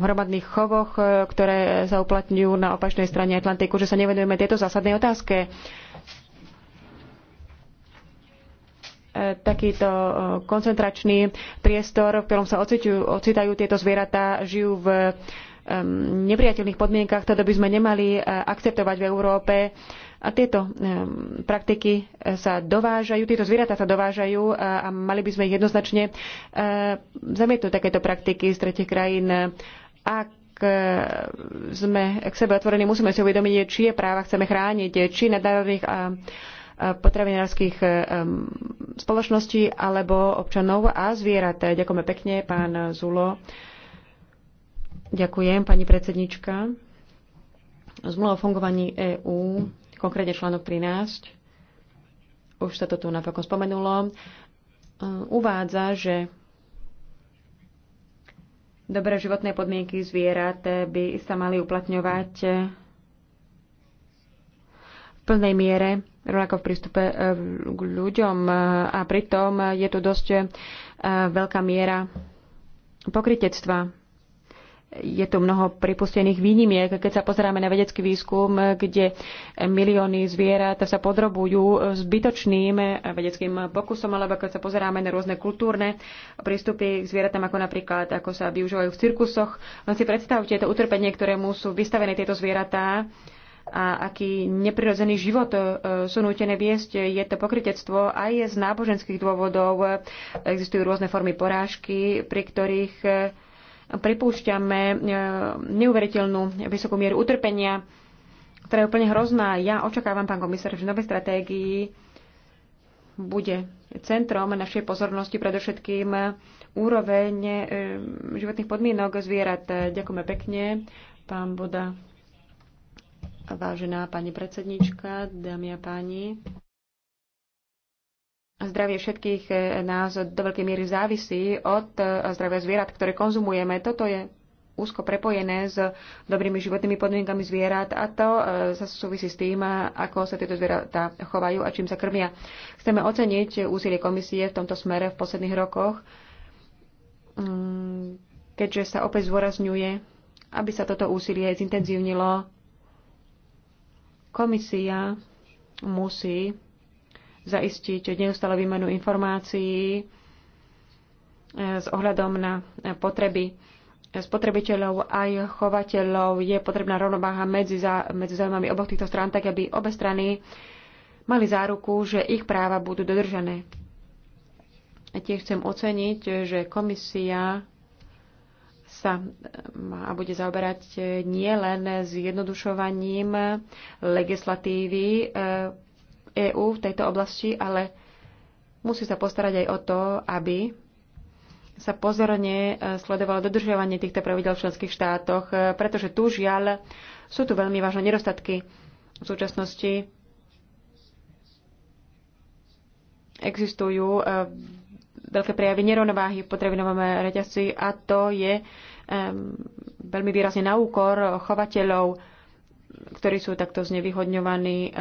hromadných chovoch, e, ktoré sa uplatňujú na opačnej strane Atlantiku, že sa nevenujeme tejto zásadnej otázke. E, takýto e, koncentračný priestor, v ktorom sa ocitajú tieto zvieratá, žijú v Um, nepriateľných podmienkach, teda by sme nemali uh, akceptovať v Európe. A tieto um, praktiky uh, sa dovážajú, tieto zvieratá sa dovážajú uh, a mali by sme ich jednoznačne zamietnúť takéto praktiky z tretich krajín. Ak sme k sebe otvorení, musíme si uvedomiť, je práva chceme chrániť, či nadnárodných a potravinárskych um, spoločností alebo občanov a zvierat. Ďakujeme pekne, pán Zulo. Ďakujem, pani predsednička. Zmluva o fungovaní EÚ, konkrétne článok 13, už sa to tu napokon spomenulo, uh, uvádza, že dobré životné podmienky zvierat by sa mali uplatňovať v plnej miere, rovnako v prístupe uh, k ľuďom a pritom je tu dosť uh, veľká miera pokritectva je tu mnoho pripustených výnimiek. Keď sa pozeráme na vedecký výskum, kde milióny zvierat sa podrobujú zbytočným vedeckým pokusom, alebo keď sa pozeráme na rôzne kultúrne prístupy k zvieratám, ako napríklad, ako sa využívajú v cirkusoch, len si predstavte to utrpenie, ktorému sú vystavené tieto zvieratá a aký neprirodzený život e, sú nútené viesť. Je to pokritectvo aj z náboženských dôvodov. Existujú rôzne formy porážky, pri ktorých e, pripúšťame e, neuveriteľnú vysokú mieru utrpenia, ktorá je úplne hrozná. Ja očakávam, pán komisár, že v novej stratégii bude centrom našej pozornosti predovšetkým úroveň e, životných podmienok zvierat. Ďakujeme pekne, pán Boda. Vážená pani predsednička, dámy a páni zdravie všetkých e, nás do veľkej miery závisí od e, zdravia zvierat, ktoré konzumujeme. Toto je úzko prepojené s dobrými životnými podmienkami zvierat a to e, sa súvisí s tým, ako sa tieto zvieratá chovajú a čím sa krmia. Chceme oceniť úsilie komisie v tomto smere v posledných rokoch, mm, keďže sa opäť zdôrazňuje, aby sa toto úsilie zintenzívnilo. Komisia musí zaistiť neustále výmenu informácií e, s ohľadom na e, potreby e, spotrebiteľov aj chovateľov. Je potrebná rovnováha medzi, za, medzi zaujímami oboch týchto strán, tak aby obe strany mali záruku, že ich práva budú dodržané. A tiež chcem oceniť, že komisia sa a bude zaoberať nielen s jednodušovaním legislatívy EÚ v tejto oblasti, ale musí sa postarať aj o to, aby sa pozorne e, sledovalo dodržiavanie týchto pravidel v členských štátoch, e, pretože tu žiaľ sú tu veľmi vážne nedostatky v súčasnosti. Existujú e, veľké prejavy nerovnováhy v potravinovom reťazci a to je veľmi výrazne na úkor chovateľov, ktorí sú takto znevýhodňovaní.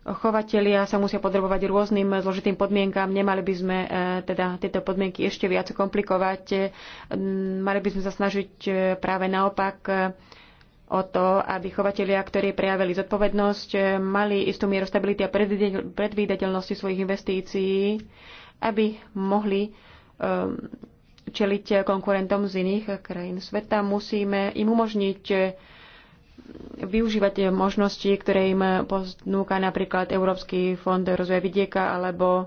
Chovatelia sa musia podrobovať rôznym zložitým podmienkám, Nemali by sme e, teda tieto podmienky ešte viac komplikovať. E, mali by sme sa snažiť e, práve naopak o to, aby chovatelia, ktorí prejavili zodpovednosť, mali istú mieru stability a predvídateľnosti svojich investícií, aby mohli čeliť konkurentom z iných krajín sveta. Musíme im umožniť využívať tie možnosti, ktoré im ponúka napríklad Európsky fond rozvoja vidieka, alebo e,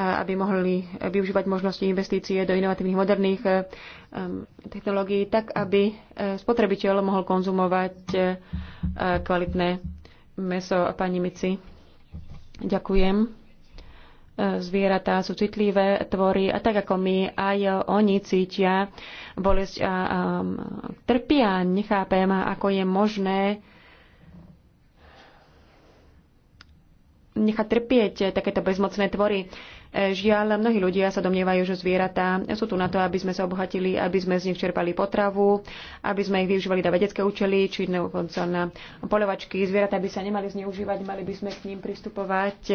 aby mohli využívať možnosti investície do inovatívnych moderných e, technológií, tak aby e, spotrebiteľ mohol konzumovať kvalitné meso a pani Mici. Ďakujem zvieratá sú citlivé tvory a tak ako my, aj oni cítia bolesť a a trpia. Nechápem, ako je možné nechať trpieť takéto bezmocné tvory. Žiaľ, mnohí ľudia sa domnievajú, že zvieratá sú tu na to, aby sme sa obohatili, aby sme z nich čerpali potravu, aby sme ich využívali na vedecké účely, či dokonca na polovačky, Zvieratá by sa nemali zneužívať, mali by sme k ním pristupovať e,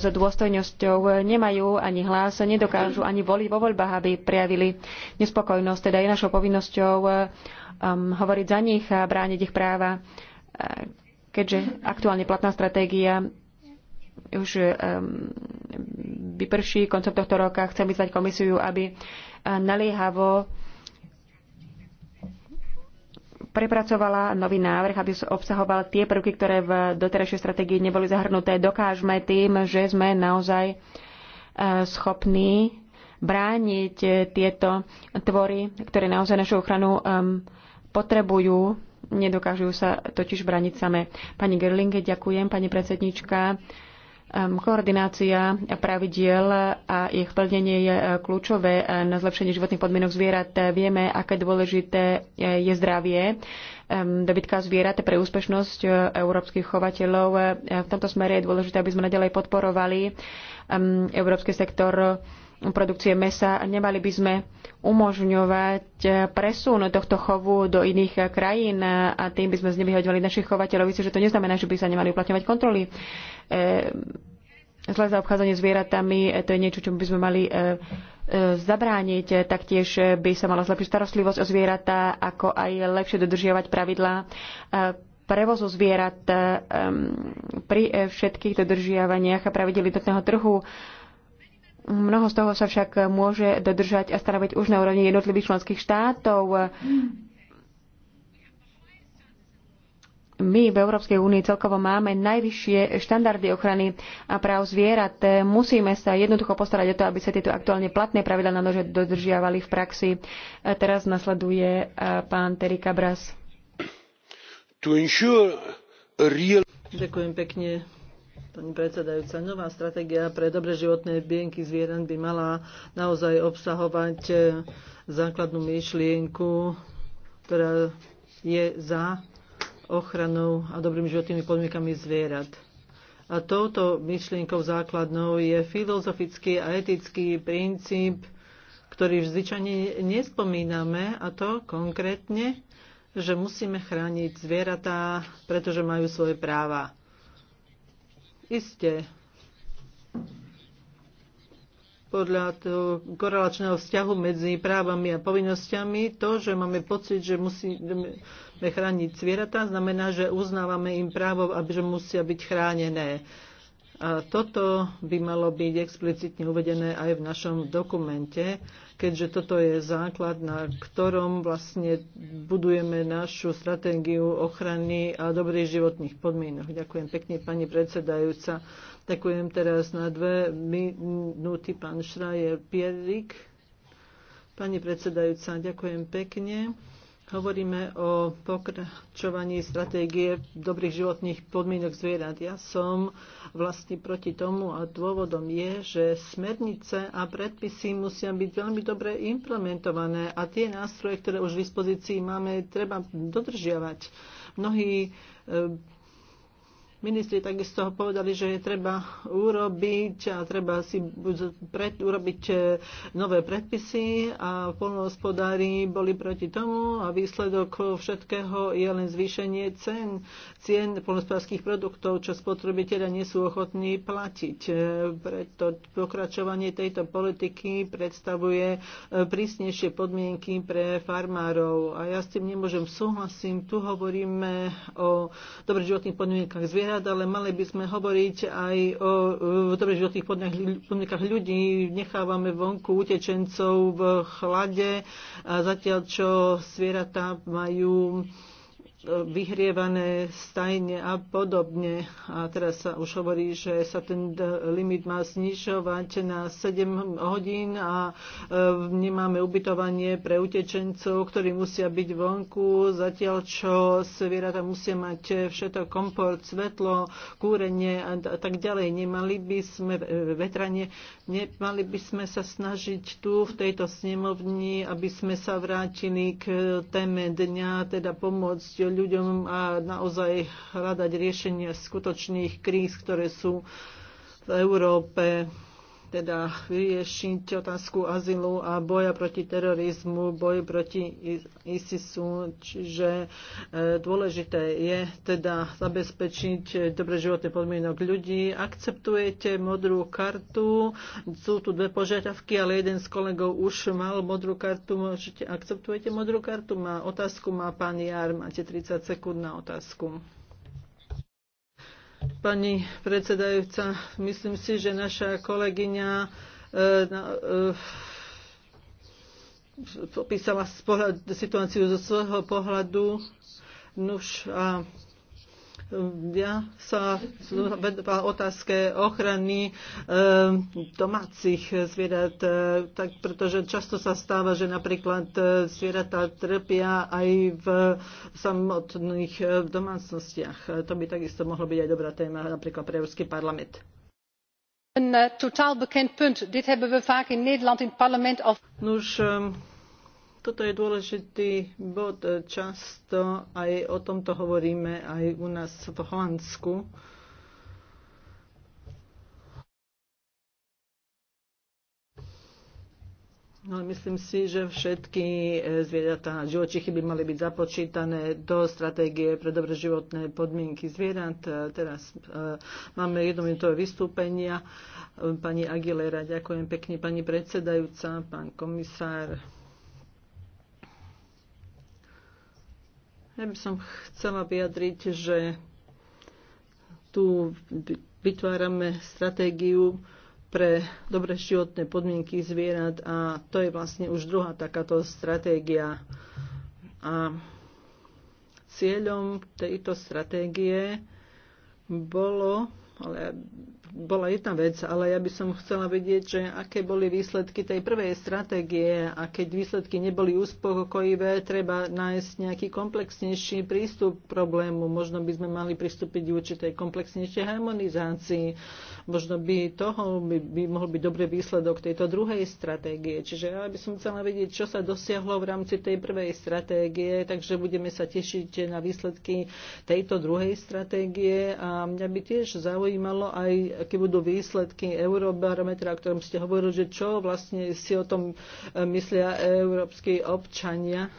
s dôstojnosťou. Nemajú ani hlas, nedokážu ani voliť vo voľbách, aby prejavili nespokojnosť. Teda je našou povinnosťou e, um, hovoriť za nich a brániť ich práva, e, keďže aktuálne platná stratégia už um, vyprší koncom tohto roka. Chcem vyzvať komisiu, aby e, naliehavo prepracovala nový návrh, aby obsahoval tie prvky, ktoré v doterajšej stratégii neboli zahrnuté. Dokážme tým, že sme naozaj e, schopní brániť tieto tvory, ktoré naozaj našu ochranu potrebujú. Nedokážu sa totiž brániť samé. Pani Gerlinge, ďakujem, pani predsednička. Koordinácia pravidiel a ich plnenie je eh, kľúčové eh, na zlepšenie životných podmienok zvierat. Eh, vieme, aké dôležité je zdravie dobytka zvierat pre úspešnosť európskych chovateľov. V tomto smere je dôležité, aby sme nadalej podporovali európsky sektor produkcie mesa. Nemali by sme umožňovať presun tohto chovu do iných krajín a tým by sme znevýhodili našich chovateľov. Myslím, že to neznamená, že by sa nemali uplatňovať kontroly. E, za zaobchádzanie zvieratami, e, to je niečo, čo by sme mali e, zabrániť. Taktiež by sa mala zlepšiť starostlivosť o zvieratá, ako aj lepšie dodržiavať pravidlá prevozu zvierat pri všetkých dodržiavaniach a pravidel jednotného trhu Mnoho z toho sa však môže dodržať a stanoviť už na úrovni jednotlivých členských štátov. My v Európskej únii celkovo máme najvyššie štandardy ochrany a práv zvierat. Musíme sa jednoducho postarať o to, aby sa tieto aktuálne platné pravidla na nože dodržiavali v praxi. Teraz nasleduje pán Terry Cabras. Ďakujem pekne Pani predsedajúca, nová stratégia pre dobre životné bienky zvierat by mala naozaj obsahovať e, základnú myšlienku, ktorá je za ochranou a dobrými životnými podmienkami zvierat. A touto myšlienkou základnou je filozofický a etický princíp, ktorý zvyčajne nespomíname, a to konkrétne, že musíme chrániť zvieratá, pretože majú svoje práva Isté. Podľa toho korelačného vzťahu medzi právami a povinnosťami, to, že máme pocit, že musíme chrániť zvieratá, znamená, že uznávame im právo, aby že musia byť chránené. A toto by malo byť explicitne uvedené aj v našom dokumente, keďže toto je základ, na ktorom vlastne budujeme našu stratégiu ochrany a dobrých životných podmienok. Ďakujem pekne, pani predsedajúca. Ďakujem teraz na dve minúty, pán Šrajer Pierrik. Pani predsedajúca, ďakujem pekne. Hovoríme o pokračovaní stratégie dobrých životných podmienok zvierat. Ja som vlastne proti tomu a dôvodom je, že smernice a predpisy musia byť veľmi dobre implementované a tie nástroje, ktoré už v dispozícii máme, treba dodržiavať. Mnohí e, Ministri takisto povedali, že je treba urobiť a treba si pred, urobiť e, nové predpisy a polnohospodári boli proti tomu a výsledok všetkého je len zvýšenie cen, cien polnohospodárských produktov, čo spotrebitelia nie sú ochotní platiť. E, preto pokračovanie tejto politiky predstavuje e, prísnejšie podmienky pre farmárov. A ja s tým nemôžem súhlasím. Tu hovoríme o dobrých životných podmienkach zvierat rád, ale mali by sme hovoriť aj o, o dobrých životných podmienkach ľudí. Nechávame vonku utečencov v chlade, a zatiaľ čo zvieratá majú vyhrievané stajne a podobne. A teraz sa už hovorí, že sa ten limit má znižovať na 7 hodín a e, nemáme ubytovanie pre utečencov, ktorí musia byť vonku, zatiaľ čo zvieratá musia mať všetko komfort, svetlo, kúrenie a tak ďalej. Nemali by sme e, vetranie, nemali by sme sa snažiť tu v tejto snemovni, aby sme sa vrátili k téme dňa, teda pomôcť ľuďom a naozaj hľadať riešenia skutočných kríz, ktoré sú v Európe teda vyriešiť otázku azylu a boja proti terorizmu, boj proti ISISu, čiže e, dôležité je teda zabezpečiť dobre životné podmienok ľudí. Akceptujete modrú kartu, sú tu dve požiadavky, ale jeden z kolegov už mal modrú kartu, môžete, akceptujete modrú kartu? Má otázku, má pán Jar, máte 30 sekúnd na otázku pani predsedajúca. Myslím si, že naša kolegyňa popísala eh, eh, situáciu zo svojho pohľadu. Nuž a ja sa venovala otázke ochrany e, domácich zvierat, e, tak, pretože často sa stáva, že napríklad e, zvieratá trpia aj v samotných e, domácnostiach. E, To by takisto mohlo byť aj dobrá téma napríklad pre Európsky parlament. Een uh, totaal bekend punt. Dit hebben we vaak in Nederland in het parlement al. Nuž, um, toto je dôležitý bod. E, často aj o tomto hovoríme aj u nás v Holandsku. No, myslím si, že všetky e, zvieratá a živočichy by mali byť započítané do stratégie pre dobre životné podmienky zvierat. E, teraz e, máme jednominútové vystúpenia. Pani Aguilera, ďakujem pekne, pani predsedajúca, pán komisár. Ja by som chcela vyjadriť, že tu vytvárame stratégiu pre dobre životné podmienky zvierat a to je vlastne už druhá takáto stratégia. A cieľom tejto stratégie bolo, ale bola jedna vec, ale ja by som chcela vedieť, že aké boli výsledky tej prvej stratégie a keď výsledky neboli uspokojivé, treba nájsť nejaký komplexnejší prístup k problému. Možno by sme mali pristúpiť k určitej komplexnejšej harmonizácii. Možno by toho by, by mohol byť dobrý výsledok tejto druhej stratégie. Čiže ja by som chcela vedieť, čo sa dosiahlo v rámci tej prvej stratégie, takže budeme sa tešiť na výsledky tejto druhej stratégie a mňa by tiež zaujímalo aj aké budú výsledky eurobarometra, o ktorom ste hovorili, že čo vlastne si o tom e, myslia európsky občania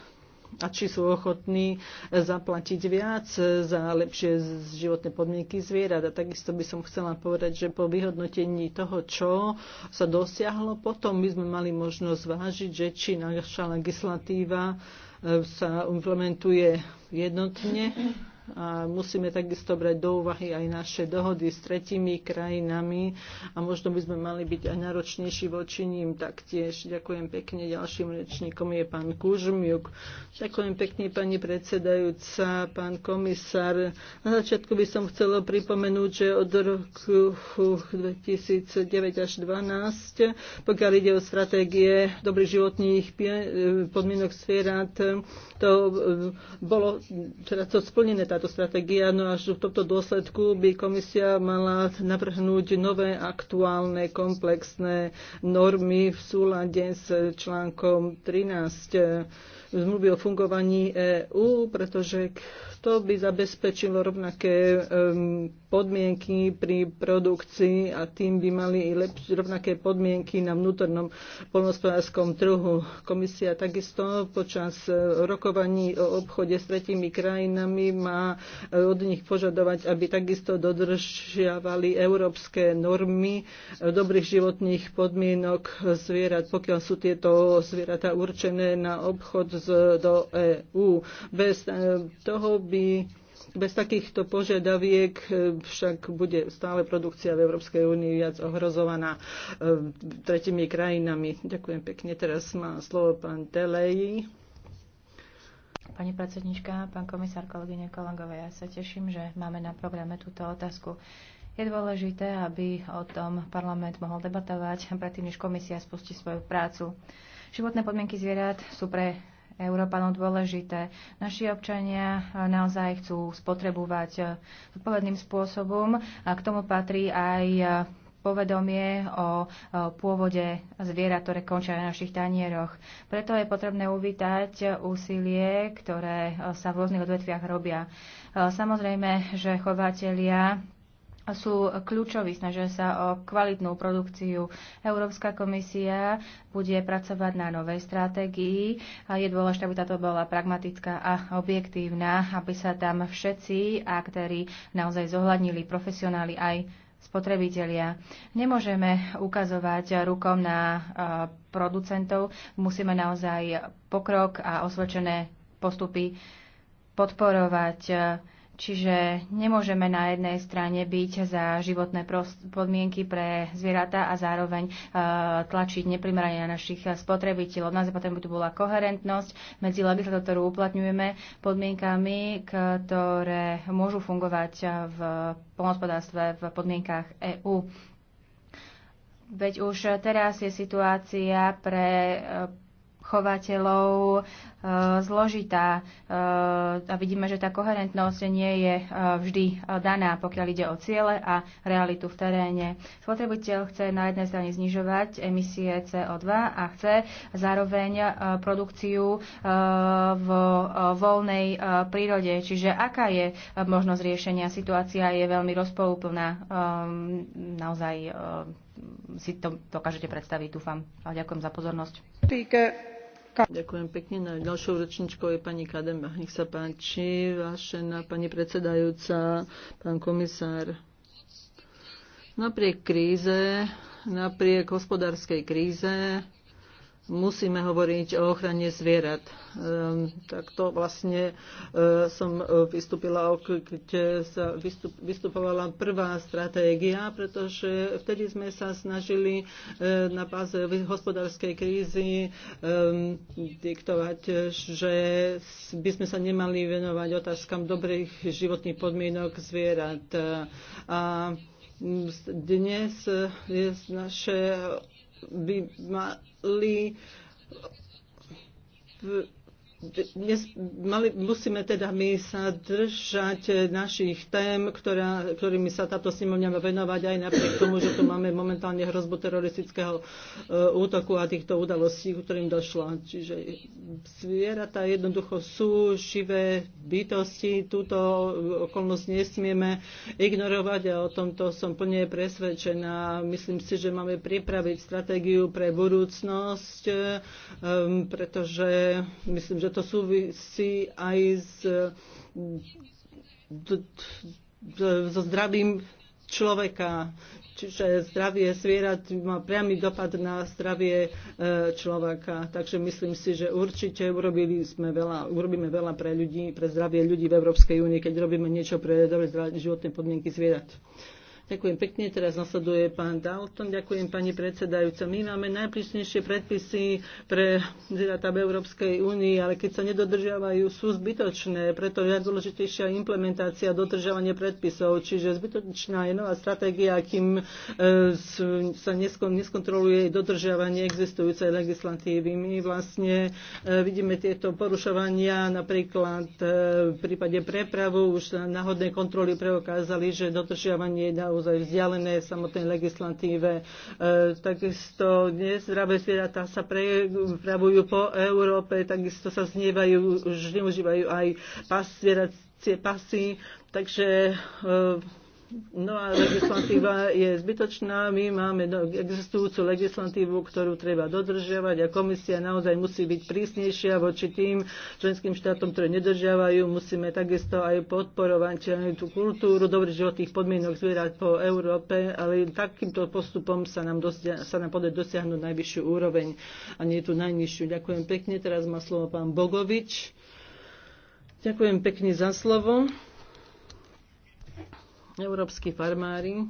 a či sú ochotní zaplatiť viac e, za lepšie životné podmienky zvierat. A takisto by som chcela povedať, že po vyhodnotení toho, čo sa dosiahlo, potom by sme mali možnosť vážiť, že či naša legislatíva e, sa implementuje jednotne a musíme takisto brať do úvahy aj naše dohody s tretími krajinami a možno by sme mali byť aj náročnejší voči ním taktiež. Ďakujem pekne. Ďalším rečníkom je pán Kužmiuk. Ďakujem pekne pani predsedajúca, pán komisár. Na začiatku by som chcela pripomenúť, že od roku 2009 až 2012, pokiaľ ide o stratégie dobrých životných podmienok zvierat, to bolo teda to splnené táto stratégia. No až v tomto dôsledku by komisia mala navrhnúť nové aktuálne komplexné normy v súlade s článkom 13 zmluvy o fungovaní EÚ, pretože to by zabezpečilo rovnaké um, podmienky pri produkcii a tým by mali i lepš- rovnaké podmienky na vnútornom polnospodárskom trhu. Komisia takisto počas e, rokovaní o obchode s tretimi krajinami má e, od nich požadovať, aby takisto dodržiavali európske normy e, dobrých životných podmienok zvierat, pokiaľ sú tieto zvieratá určené na obchod z, do EÚ. Bez toho by by bez takýchto požiadaviek e, však bude stále produkcia v Európskej únii viac ohrozovaná e, tretimi krajinami. Ďakujem pekne. Teraz má slovo pán Telej. Pani predsednička, pán komisár, kolegyne, kolegové, ja sa teším, že máme na programe túto otázku. Je dôležité, aby o tom parlament mohol debatovať predtým, než komisia spustí svoju prácu. Životné podmienky zvierat sú pre Európanov dôležité. Naši občania eh, naozaj chcú spotrebovať eh, zodpovedným spôsobom a k tomu patrí aj eh, povedomie o pôvode zvierat, ktoré končia na našich tanieroch. Preto je potrebné uvítať úsilie, ktoré sa v rôznych odvetviach robia. Samozrejme, že chovatelia sú kľúčoví, snažia sa o kvalitnú produkciu. Európska komisia bude pracovať na novej stratégii. Je dôležité, aby táto bola pragmatická a objektívna, aby sa tam všetci aktéri naozaj zohľadnili, profesionáli aj spotrebitelia. Nemôžeme ukazovať rukom na e, producentov, musíme naozaj pokrok a osvedčené postupy podporovať Čiže nemôžeme na jednej strane byť za životné podmienky pre zvieratá a zároveň e, tlačiť neprimerane na našich spotrebiteľov. Na potom by tu bola koherentnosť medzi legislatou, ktorú uplatňujeme, podmienkami, ktoré môžu fungovať v polnospodárstve v podmienkách EÚ. Veď už teraz je situácia pre e, chovateľov e, zložitá e, a vidíme, že tá koherentnosť nie je e, vždy daná, pokiaľ ide o ciele a realitu v teréne. Spotrebiteľ chce na jednej strane znižovať emisie CO2 a chce zároveň produkciu v voľnej prírode. Čiže aká je možnosť riešenia? Situácia je veľmi rozpolúplná. Naozaj si to dokážete predstaviť, dúfam. A ďakujem za pozornosť. Týka. Ďakujem pekne. Na ďalšou rečničkou je pani Kademba. Nech sa páči, vášená pani predsedajúca, pán komisár. Napriek kríze, napriek hospodárskej kríze, musíme hovoriť o ochrane zvierat. Ehm, tak to vlastne e, som e, vystúpila, keď sa vystupovala prvá stratégia, pretože vtedy sme sa snažili e, na báze hospodárskej krízy ehm, diktovať, že by sme sa nemali venovať otázkam dobrých životných podmienok zvierat. A dnes je naše by mali dnes mali, musíme teda my sa držať našich tém, ktorá, ktorými sa táto snimovňa má venovať aj napriek tomu, že tu máme momentálne hrozbu teroristického e, útoku a týchto udalostí, ktorým došlo. Čiže zvieratá jednoducho sú živé bytosti, túto okolnosť nesmieme ignorovať a o tomto som plne presvedčená. Myslím si, že máme pripraviť stratégiu pre budúcnosť, e, pretože myslím, že to súvisí aj s so zdravím človeka. Čiže zdravie zvierat má priamy dopad na zdravie e, človeka. Takže myslím si, že určite urobili sme veľa, urobíme veľa pre ľudí, pre zdravie ľudí v Európskej únie, keď robíme niečo pre dobre životné podmienky zvierat. Ďakujem pekne, teraz nasleduje pán Dalton. Ďakujem pani predsedajúca. My máme najprísnejšie predpisy pre zvieratá v Európskej únii, ale keď sa nedodržiavajú, sú zbytočné. Preto je dôležitejšia implementácia a dodržiavanie predpisov. Čiže zbytočná je nová stratégia, kým e, sa neskontroluje dodržiavanie existujúcej legislatívy. My vlastne e, vidíme tieto porušovania napríklad e, v prípade prepravu. Už náhodné kontroly preukázali, že dodržiavanie naozaj vzdialené samotnej legislatíve. E, takisto nezdravé zvieratá sa prepravujú po Európe, takisto sa znievajú, už neužívajú aj pas zvieracie pasy, takže e, No a legislatíva je zbytočná. My máme no, existujúcu legislatívu, ktorú treba dodržiavať a komisia naozaj musí byť prísnejšia voči tým členským štátom, ktoré nedržiavajú. Musíme takisto aj podporovať tú kultúru dobrých životných podmienok zvierat po Európe, ale takýmto postupom sa nám, dosia- sa nám podať dosiahnuť najvyššiu úroveň a nie tú najnižšiu. Ďakujem pekne. Teraz má slovo pán Bogovič. Ďakujem pekne za slovo. Európsky farmári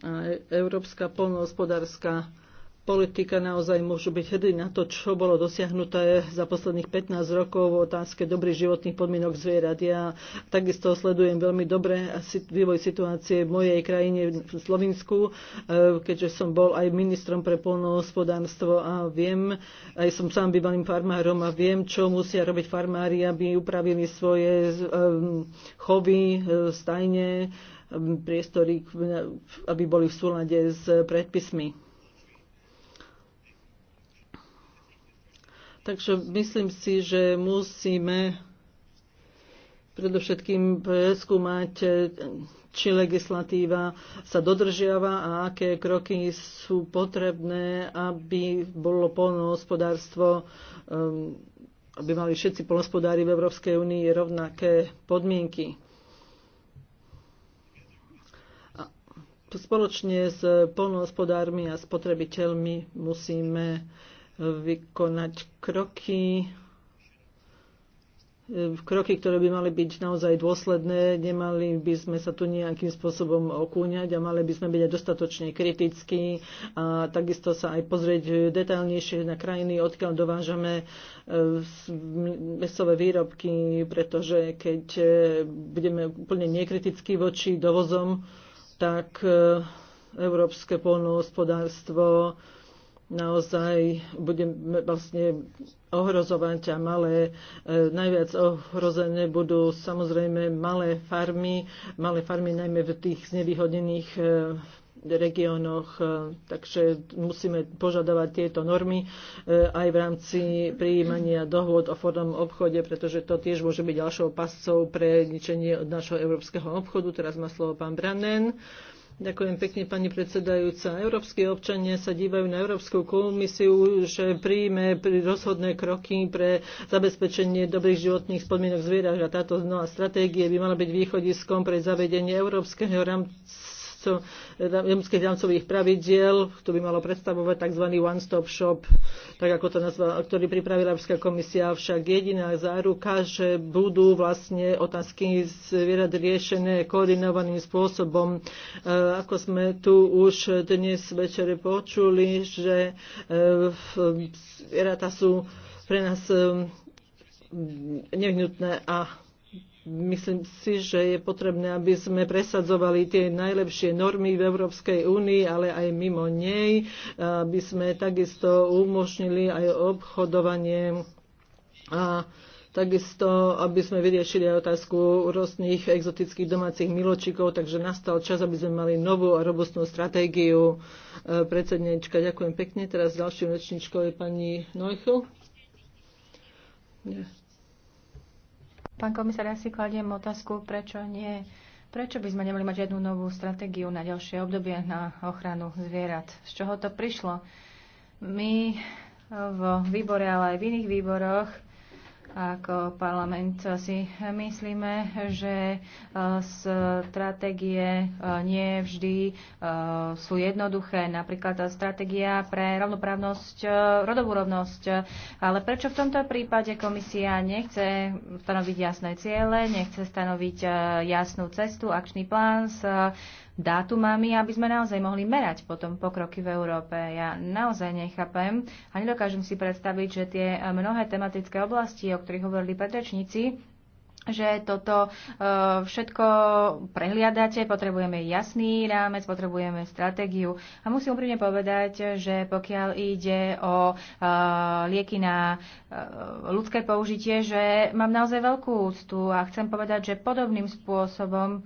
a Európska polnohospodárska politika naozaj môžu byť hrdí na to, čo bolo dosiahnuté za posledných 15 rokov v otázke dobrých životných podmienok zvierat. Ja takisto sledujem veľmi dobre vývoj situácie v mojej krajine v Slovensku, e, keďže som bol aj ministrom pre polnohospodárstvo a viem, aj som sám bývalým farmárom a viem, čo musia robiť farmári, aby upravili svoje e, chovy, e, stajne, priestory, aby boli v súlade s predpismi. Takže myslím si, že musíme predovšetkým preskúmať, e, či legislatíva sa dodržiava a aké kroky sú potrebné, aby bolo polnohospodárstvo, e, aby mali všetci polnohospodári v Európskej únii rovnaké podmienky. A spoločne s polnohospodármi a spotrebiteľmi musíme vykonať kroky, e, kroky, ktoré by mali byť naozaj dôsledné, nemali by sme sa tu nejakým spôsobom okúňať a mali by sme byť aj dostatočne kritickí a takisto sa aj pozrieť detailnejšie na krajiny, odkiaľ dovážame e, mesové výrobky, pretože keď e, budeme úplne nekritickí voči dovozom, tak európske polnohospodárstvo naozaj budeme vlastne ohrozovať a malé, e, najviac ohrozené budú samozrejme malé farmy, malé farmy najmä v tých znevýhodnených e, regiónoch, e, takže musíme požadovať tieto normy aj v rámci prijímania dohôd o fornom obchode, pretože to tiež môže byť ďalšou pascou pre ničenie od našho európskeho obchodu. Teraz má slovo pán Brannen. Ďakujem pekne, pani predsedajúca. Európsky občania sa dívajú na Európsku komisiu, že príjme rozhodné kroky pre zabezpečenie dobrých životných podmienok zvierat a táto nová stratégia by mala byť východiskom pre zavedenie európskeho rámca rámcov, európskych eh, dámcových pravidiel. To by malo predstavovať tzv. one-stop shop, tak ako to nazva, ktorý pripravila Európska komisia. Však jediná záruka, že budú vlastne otázky zvierat riešené koordinovaným spôsobom. Eh, ako sme tu už dnes večer počuli, že eh, zvieratá sú pre nás nevnutné a Myslím si, že je potrebné, aby sme presadzovali tie najlepšie normy v Európskej únii, ale aj mimo nej, aby sme takisto umožnili aj obchodovanie a Takisto, aby sme vyriešili aj otázku rôznych exotických domácich miločikov, takže nastal čas, aby sme mali novú a robustnú stratégiu. E, predsednička, ďakujem pekne. Teraz ďalším rečničkou je pani Neuchl. Yeah. Pán komisár, ja si kladiem otázku, prečo nie Prečo by sme nemali mať žiadnu novú stratégiu na ďalšie obdobie na ochranu zvierat? Z čoho to prišlo? My vo výbore, ale aj v iných výboroch ako parlament si myslíme, že e, stratégie e, nie vždy e, sú jednoduché. Napríklad stratégia pre rovnoprávnosť, rodovú rovnosť. Ale prečo v tomto prípade komisia nechce stanoviť jasné ciele, nechce stanoviť jasnú cestu, akčný plán s dátumami, aby sme naozaj mohli merať potom pokroky v Európe. Ja naozaj nechápem a nedokážem si predstaviť, že tie mnohé tematické oblasti, o ktorých hovorili predrečníci, že toto e, všetko prehliadate, potrebujeme jasný rámec, potrebujeme stratégiu. A musím úprimne povedať, že pokiaľ ide o e, lieky na e, ľudské použitie, že mám naozaj veľkú úctu a chcem povedať, že podobným spôsobom,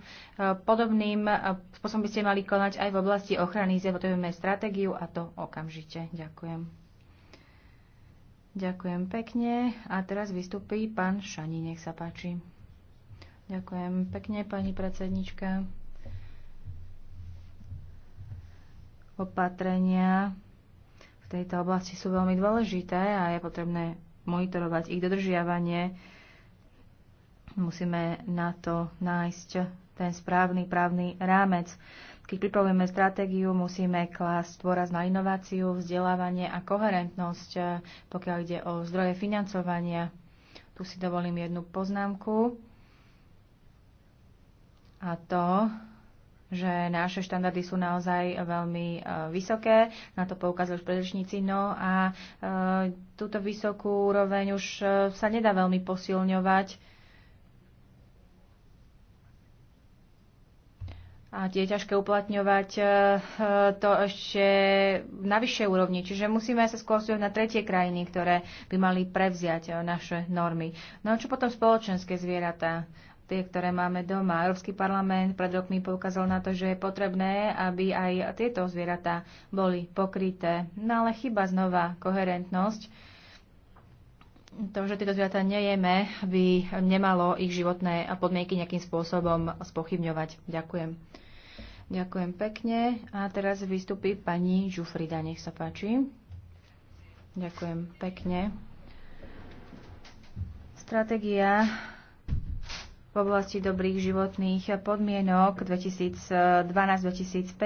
podobným spôsobom by ste mali konať aj v oblasti ochrany zdravia. Potrebujeme stratégiu a to okamžite. Ďakujem. Ďakujem pekne. A teraz vystupí pán Šani, nech sa páči. Ďakujem pekne, pani predsednička. Opatrenia v tejto oblasti sú veľmi dôležité a je potrebné monitorovať ich dodržiavanie. Musíme na to nájsť ten správny právny rámec. Keď pripravujeme stratégiu, musíme klásť dôraz na inováciu, vzdelávanie a koherentnosť, eh, pokiaľ ide o zdroje financovania. Tu si dovolím jednu poznámku. A to, že naše štandardy sú naozaj veľmi eh, vysoké, na to poukázali už predrečníci, no a e, túto vysokú úroveň už sa nedá veľmi posilňovať a tie je ťažké uplatňovať e, e, to ešte na vyššej úrovni. Čiže musíme sa skôr na tretie krajiny, ktoré by mali prevziať e, naše normy. No a čo potom spoločenské zvieratá? tie, ktoré máme doma. Európsky parlament pred rokmi poukázal na to, že je potrebné, aby aj tieto zvieratá boli pokryté. No ale chyba znova koherentnosť. To, že tieto zvieratá nejeme, by nemalo ich životné podmienky nejakým spôsobom spochybňovať. Ďakujem. Ďakujem pekne. A teraz vystupí pani Žufrida, nech sa páči. Ďakujem pekne. Stratégia v oblasti dobrých životných podmienok 2012-2015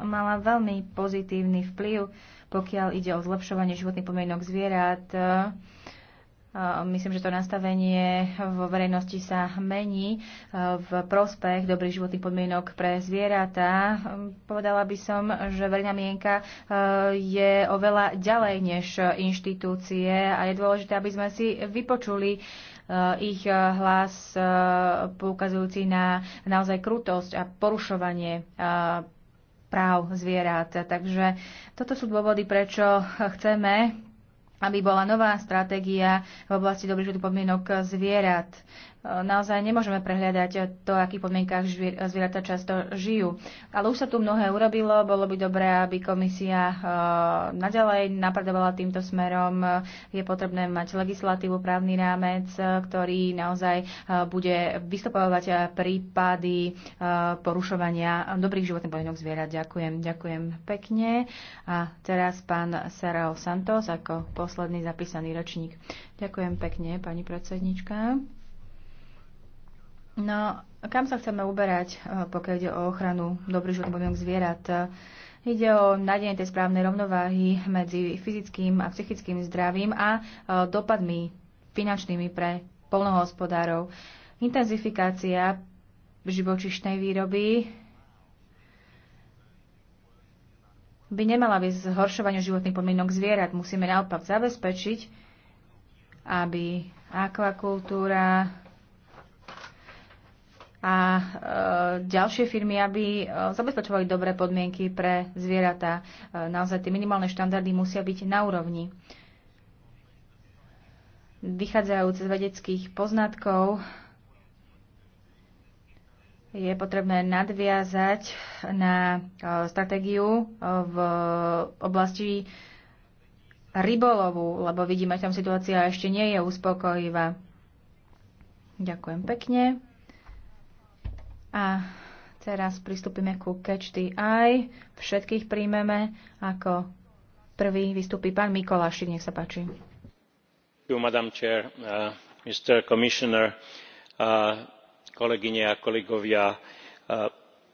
mala veľmi pozitívny vplyv, pokiaľ ide o zlepšovanie životných podmienok zvierat, Myslím, že to nastavenie vo verejnosti sa mení e, v prospech dobrých životných podmienok pre zvieratá. Povedala by som, že verejná mienka e, je oveľa ďalej než inštitúcie a je dôležité, aby sme si vypočuli e, ich hlas poukazujúci na naozaj krutosť a porušovanie práv zvierat. Takže toto sú dôvody, prečo chceme aby bola nová stratégia v oblasti dobrých podmienok zvierat naozaj nemôžeme prehľadať to, akých podmienkách zvieratá často žijú. Ale už sa tu mnohé urobilo, bolo by dobré, aby komisia e, naďalej napredovala týmto smerom. Je potrebné mať legislatívu, právny rámec, e, ktorý naozaj e, bude vystupovať prípady porušovania dobrých životných podmienok zvierat. Ďakujem, ďakujem pekne. A teraz pán Sarao Santos ako posledný zapísaný ročník. Ďakujem pekne, pani predsednička. No, kam sa chceme uberať, eh, pokiaľ ide o ochranu dobrých životných zvierat? Ide o nájdenie tej správnej rovnováhy medzi fyzickým a psychickým zdravím a eh, dopadmi finančnými pre polnohospodárov. Intenzifikácia živočišnej výroby by nemala byť zhoršovaniu životných podmienok zvierat. Musíme naopak zabezpečiť, aby akvakultúra, a e, ďalšie firmy, aby e, zabezpečovali dobré podmienky pre zvieratá. E, naozaj tie minimálne štandardy musia byť na úrovni. Vychádzajúc z vedeckých poznatkov, je potrebné nadviazať na stratégiu v oblasti rybolovu, lebo vidíme, že tam situácia ešte nie je uspokojivá. Ďakujem pekne. A teraz pristúpime ku Catch the Eye. Všetkých príjmeme ako prvý vystúpi pán Mikolášik, nech sa páči. Madam Chair, uh, Mr. Commissioner, uh, kolegyne a kolegovia, uh,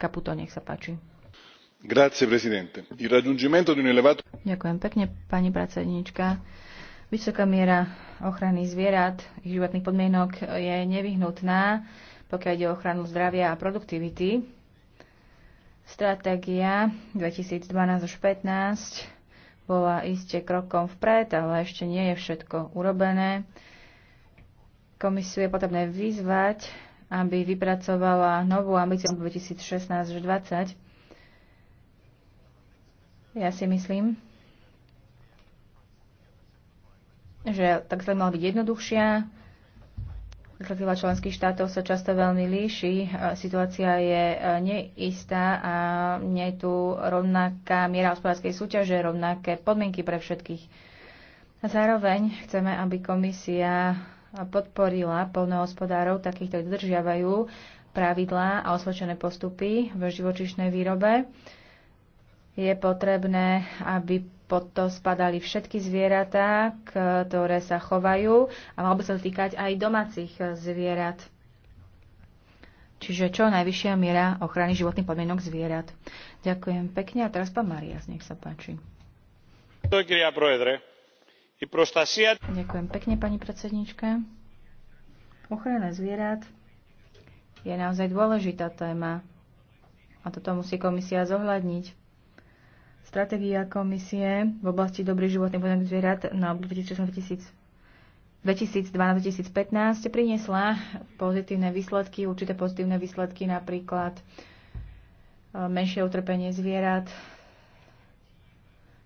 Kaputo, nech sa páči. Ďakujem pekne, pani predsednička. Vysoká miera ochrany zvierat, ich životných podmienok je nevyhnutná, pokiaľ ide o ochranu zdravia a produktivity. Stratégia 2012 až 15 bola iste krokom vpred, ale ešte nie je všetko urobené. Komisiu je potrebné vyzvať, aby vypracovala novú ambíciu 2016-2020. Ja si myslím, že tak sa mala byť jednoduchšia. Legislatíva členských štátov sa často veľmi líši. Situácia je eh, neistá a nie je tu rovnaká miera hospodárskej súťaže, rovnaké podmienky pre všetkých. A zároveň chceme, aby komisia podporila polnohospodárov, takých, ktorí dodržiavajú pravidlá a osvedčené postupy v živočišnej výrobe. Je potrebné, aby pod to spadali všetky zvieratá, ktoré sa chovajú a malo by sa týkať aj domácich zvierat. Čiže čo najvyššia miera ochrany životných podmienok zvierat. Ďakujem pekne a teraz pán Marias, nech sa páči. Ďakujem, Ďakujem pekne, pani predsednička. Ochrana zvierat je naozaj dôležitá téma a toto musí komisia zohľadniť. Stratégia komisie v oblasti dobrých životných podmienok zvierat na no, 2012-2015 priniesla pozitívne výsledky, určité pozitívne výsledky, napríklad menšie utrpenie zvierat,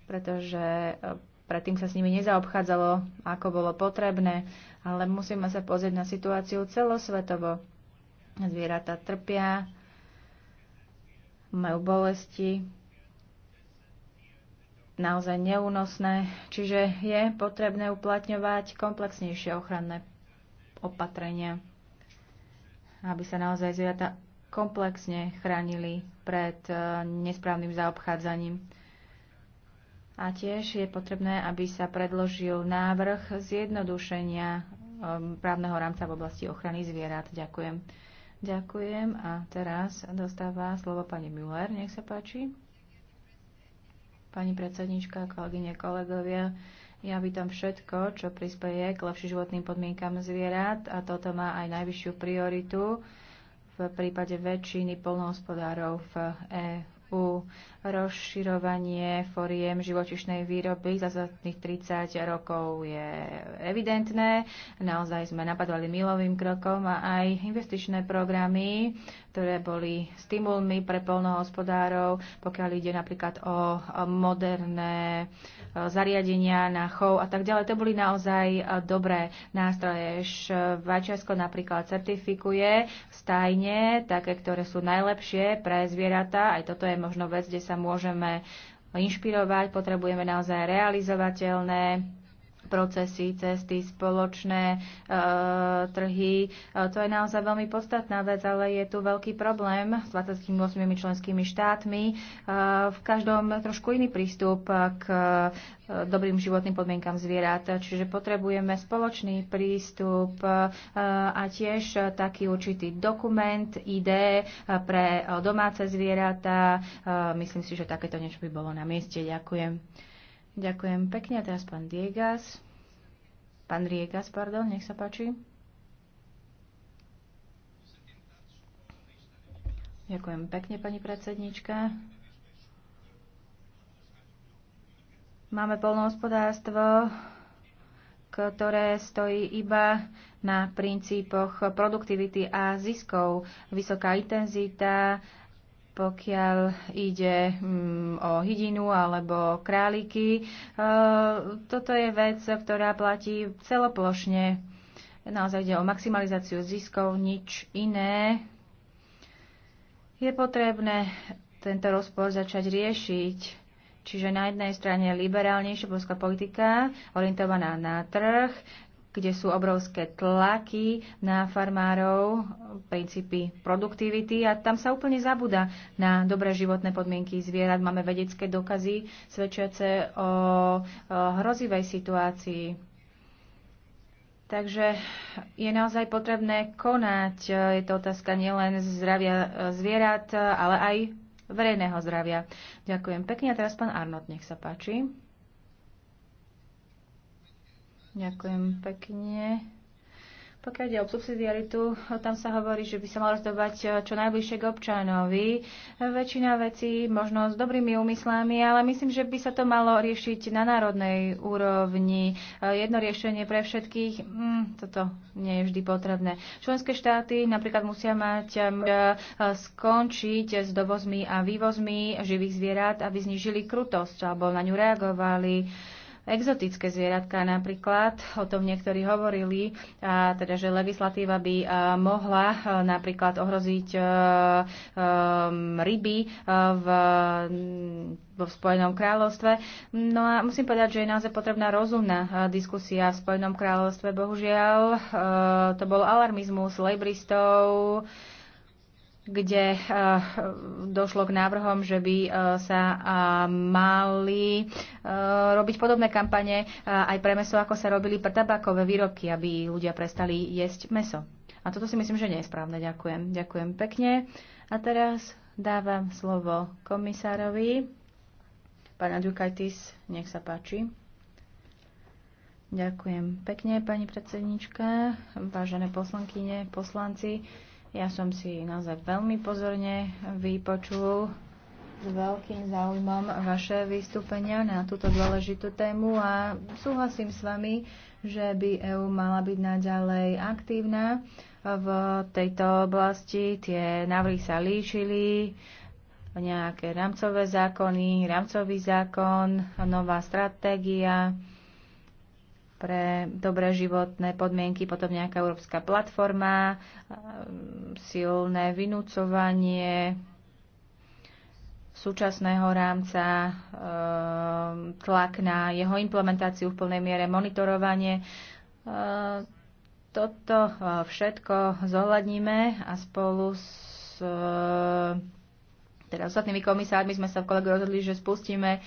pretože Predtým sa s nimi nezaobchádzalo, ako bolo potrebné, ale musíme sa pozrieť na situáciu celosvetovo. Zvieratá trpia, majú bolesti, naozaj neúnosné, čiže je potrebné uplatňovať komplexnejšie ochranné opatrenia, aby sa naozaj zvieratá komplexne chránili pred eh, nesprávnym zaobchádzaním. A tiež je potrebné, aby sa predložil návrh zjednodušenia um, právneho rámca v oblasti ochrany zvierat. Ďakujem. Ďakujem. A teraz dostáva slovo pani Müller. Nech sa páči. Pani predsednička, kolegyne, kolegovia, ja vítam všetko, čo prispieje k lepším životným podmienkam zvierat a toto má aj najvyššiu prioritu v prípade väčšiny polnohospodárov v EÚ. Rozširovanie foriem živočišnej výroby za zadných 30 rokov je evidentné. Naozaj sme napadali milovým krokom a aj investičné programy, ktoré boli stimulmi pre polnohospodárov, pokiaľ ide napríklad o moderné e, zariadenia na chov a tak ďalej. To boli naozaj e, dobré nástroje. Švajčiarsko napríklad certifikuje stajne, také, ktoré sú najlepšie pre zvieratá. Aj toto je možno vec, kde sa sa môžeme inšpirovať, potrebujeme naozaj realizovateľné procesy, cesty, spoločné e, trhy. E, to je naozaj veľmi podstatná vec, ale je tu veľký problém s 28 členskými štátmi. E, v každom trošku iný prístup k e, dobrým životným podmienkam zvierat. Čiže potrebujeme spoločný prístup e, a tiež taký určitý dokument, ID e, pre domáce zvieratá. E, myslím si, že takéto niečo by bolo na mieste. Ďakujem. Ďakujem pekne. A teraz pán Diegas. Pán Riegas, pardon, nech sa páči. Ďakujem pekne, pani predsednička. Máme polnohospodárstvo, ktoré stojí iba na princípoch produktivity a ziskov. Vysoká intenzita, pokiaľ ide mm, o hydinu alebo králiky. E, toto je vec, ktorá platí celoplošne. Naozaj ide o maximalizáciu ziskov, nič iné. Je potrebné tento rozpor začať riešiť. Čiže na jednej strane liberálnejšia polská politika orientovaná na trh, kde sú obrovské tlaky na farmárov, princípy produktivity a tam sa úplne zabúda na dobré životné podmienky zvierat. Máme vedecké dokazy svedčiace o, o hrozivej situácii. Takže je naozaj potrebné konať. Je to otázka nielen zdravia zvierat, ale aj verejného zdravia. Ďakujem pekne. A teraz pán Arnot, nech sa páči. Ďakujem pekne. Pokiaľ ide o subsidiaritu, tam sa hovorí, že by sa mal rozdobať eh, čo najbližšie k občanovi. Väčšina vecí možno s dobrými úmyslami, ale myslím, že by sa to malo riešiť na národnej úrovni. Eh, jedno riešenie pre všetkých, mm, toto nie je vždy potrebné. Členské štáty napríklad musia mať eh, skončiť s dovozmi a vývozmi živých zvierat, aby znižili krutosť alebo na ňu reagovali exotické zvieratká napríklad, o tom niektorí hovorili, a teda, že legislatíva by e, mohla e, napríklad ohroziť e, ryby v vo Spojenom kráľovstve. No a musím povedať, že je naozaj potrebná rozumná diskusia v Spojenom kráľovstve. Bohužiaľ, to bol alarmizmus, lejbristov, kde eh, došlo k návrhom, že by eh, sa eh, mali robiť podobné kampane aj pre meso, ako sa robili pre tabakové výrobky, aby ľudia prestali jesť meso. A toto si myslím, že nie je správne. Ďakujem. Ďakujem pekne. A teraz dávam slovo komisárovi. Pána Dukajtis, nech sa páči. Ďakujem pekne, pani predsednička, vážené poslankyne, poslanci. Ja som si naozaj veľmi pozorne vypočul s veľkým záujmom vaše vystúpenia na túto dôležitú tému a súhlasím s vami, že by EÚ mala byť naďalej aktívna v tejto oblasti. Tie návrhy sa líšili, nejaké rámcové zákony, rámcový zákon, nová stratégia pre dobré životné podmienky, potom nejaká európska platforma, silné vynúcovanie súčasného rámca, eh, tlak na jeho implementáciu v plnej miere, monitorovanie. Eh, toto eh, všetko zohľadníme a spolu s teda ostatnými komisármi sme sa v kolegu rozhodli, že spustíme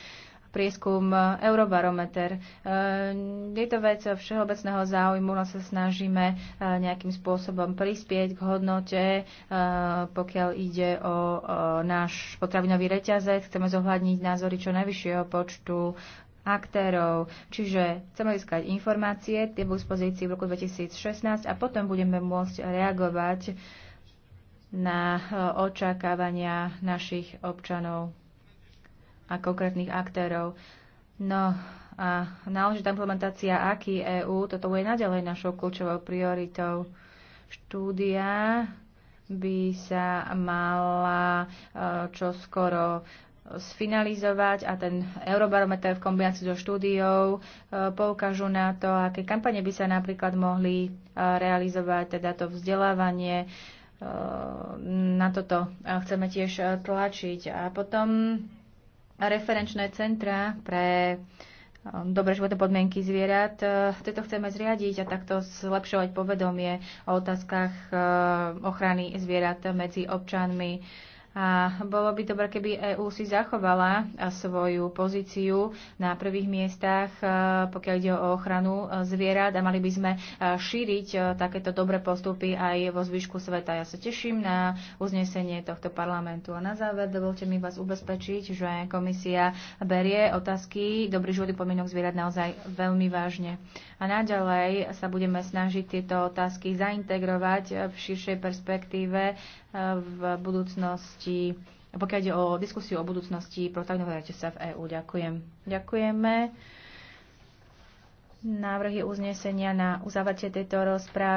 prieskum Eurobarometer. E, je to vec všeobecného záujmu, no sa snažíme e, nejakým spôsobom prispieť k hodnote, e, pokiaľ ide o náš potravinový reťazec. Chceme zohľadniť názory čo najvyššieho počtu aktérov. Čiže chceme získať informácie, tie budú v dispozícii v roku 2016 a potom budeme môcť reagovať na očakávania našich občanov a konkrétnych aktérov. No a náležitá implementácia aký EÚ, toto bude naďalej našou kľúčovou prioritou. Štúdia by sa mala e, čo skoro e, sfinalizovať a ten eurobarometer v kombinácii so štúdiou e, poukážu na to, aké kampane by sa napríklad mohli realizovať, teda to vzdelávanie. Na toto chceme tiež tlačiť. A potom referenčné centra pre um, dobré životné podmienky zvierat. E, Tieto chceme zriadiť a takto zlepšovať povedomie o otázkach e, ochrany zvierat medzi občanmi. A bolo by dobré, keby EÚ si zachovala svoju pozíciu na prvých miestach, pokiaľ ide o ochranu zvierat a mali by sme šíriť takéto dobré postupy aj vo zvyšku sveta. Ja sa teším na uznesenie tohto parlamentu. A na záver dovolte mi vás ubezpečiť, že komisia berie otázky dobrý život podmienok zvierat naozaj veľmi vážne. A naďalej sa budeme snažiť tieto otázky zaintegrovať v širšej perspektíve e, v budúcnosti pokiaľ ide o diskusiu o budúcnosti protagonového sa v EÚ. Ďakujem. Ďakujeme. Návrhy uznesenia na uzavatie tejto rozprávy.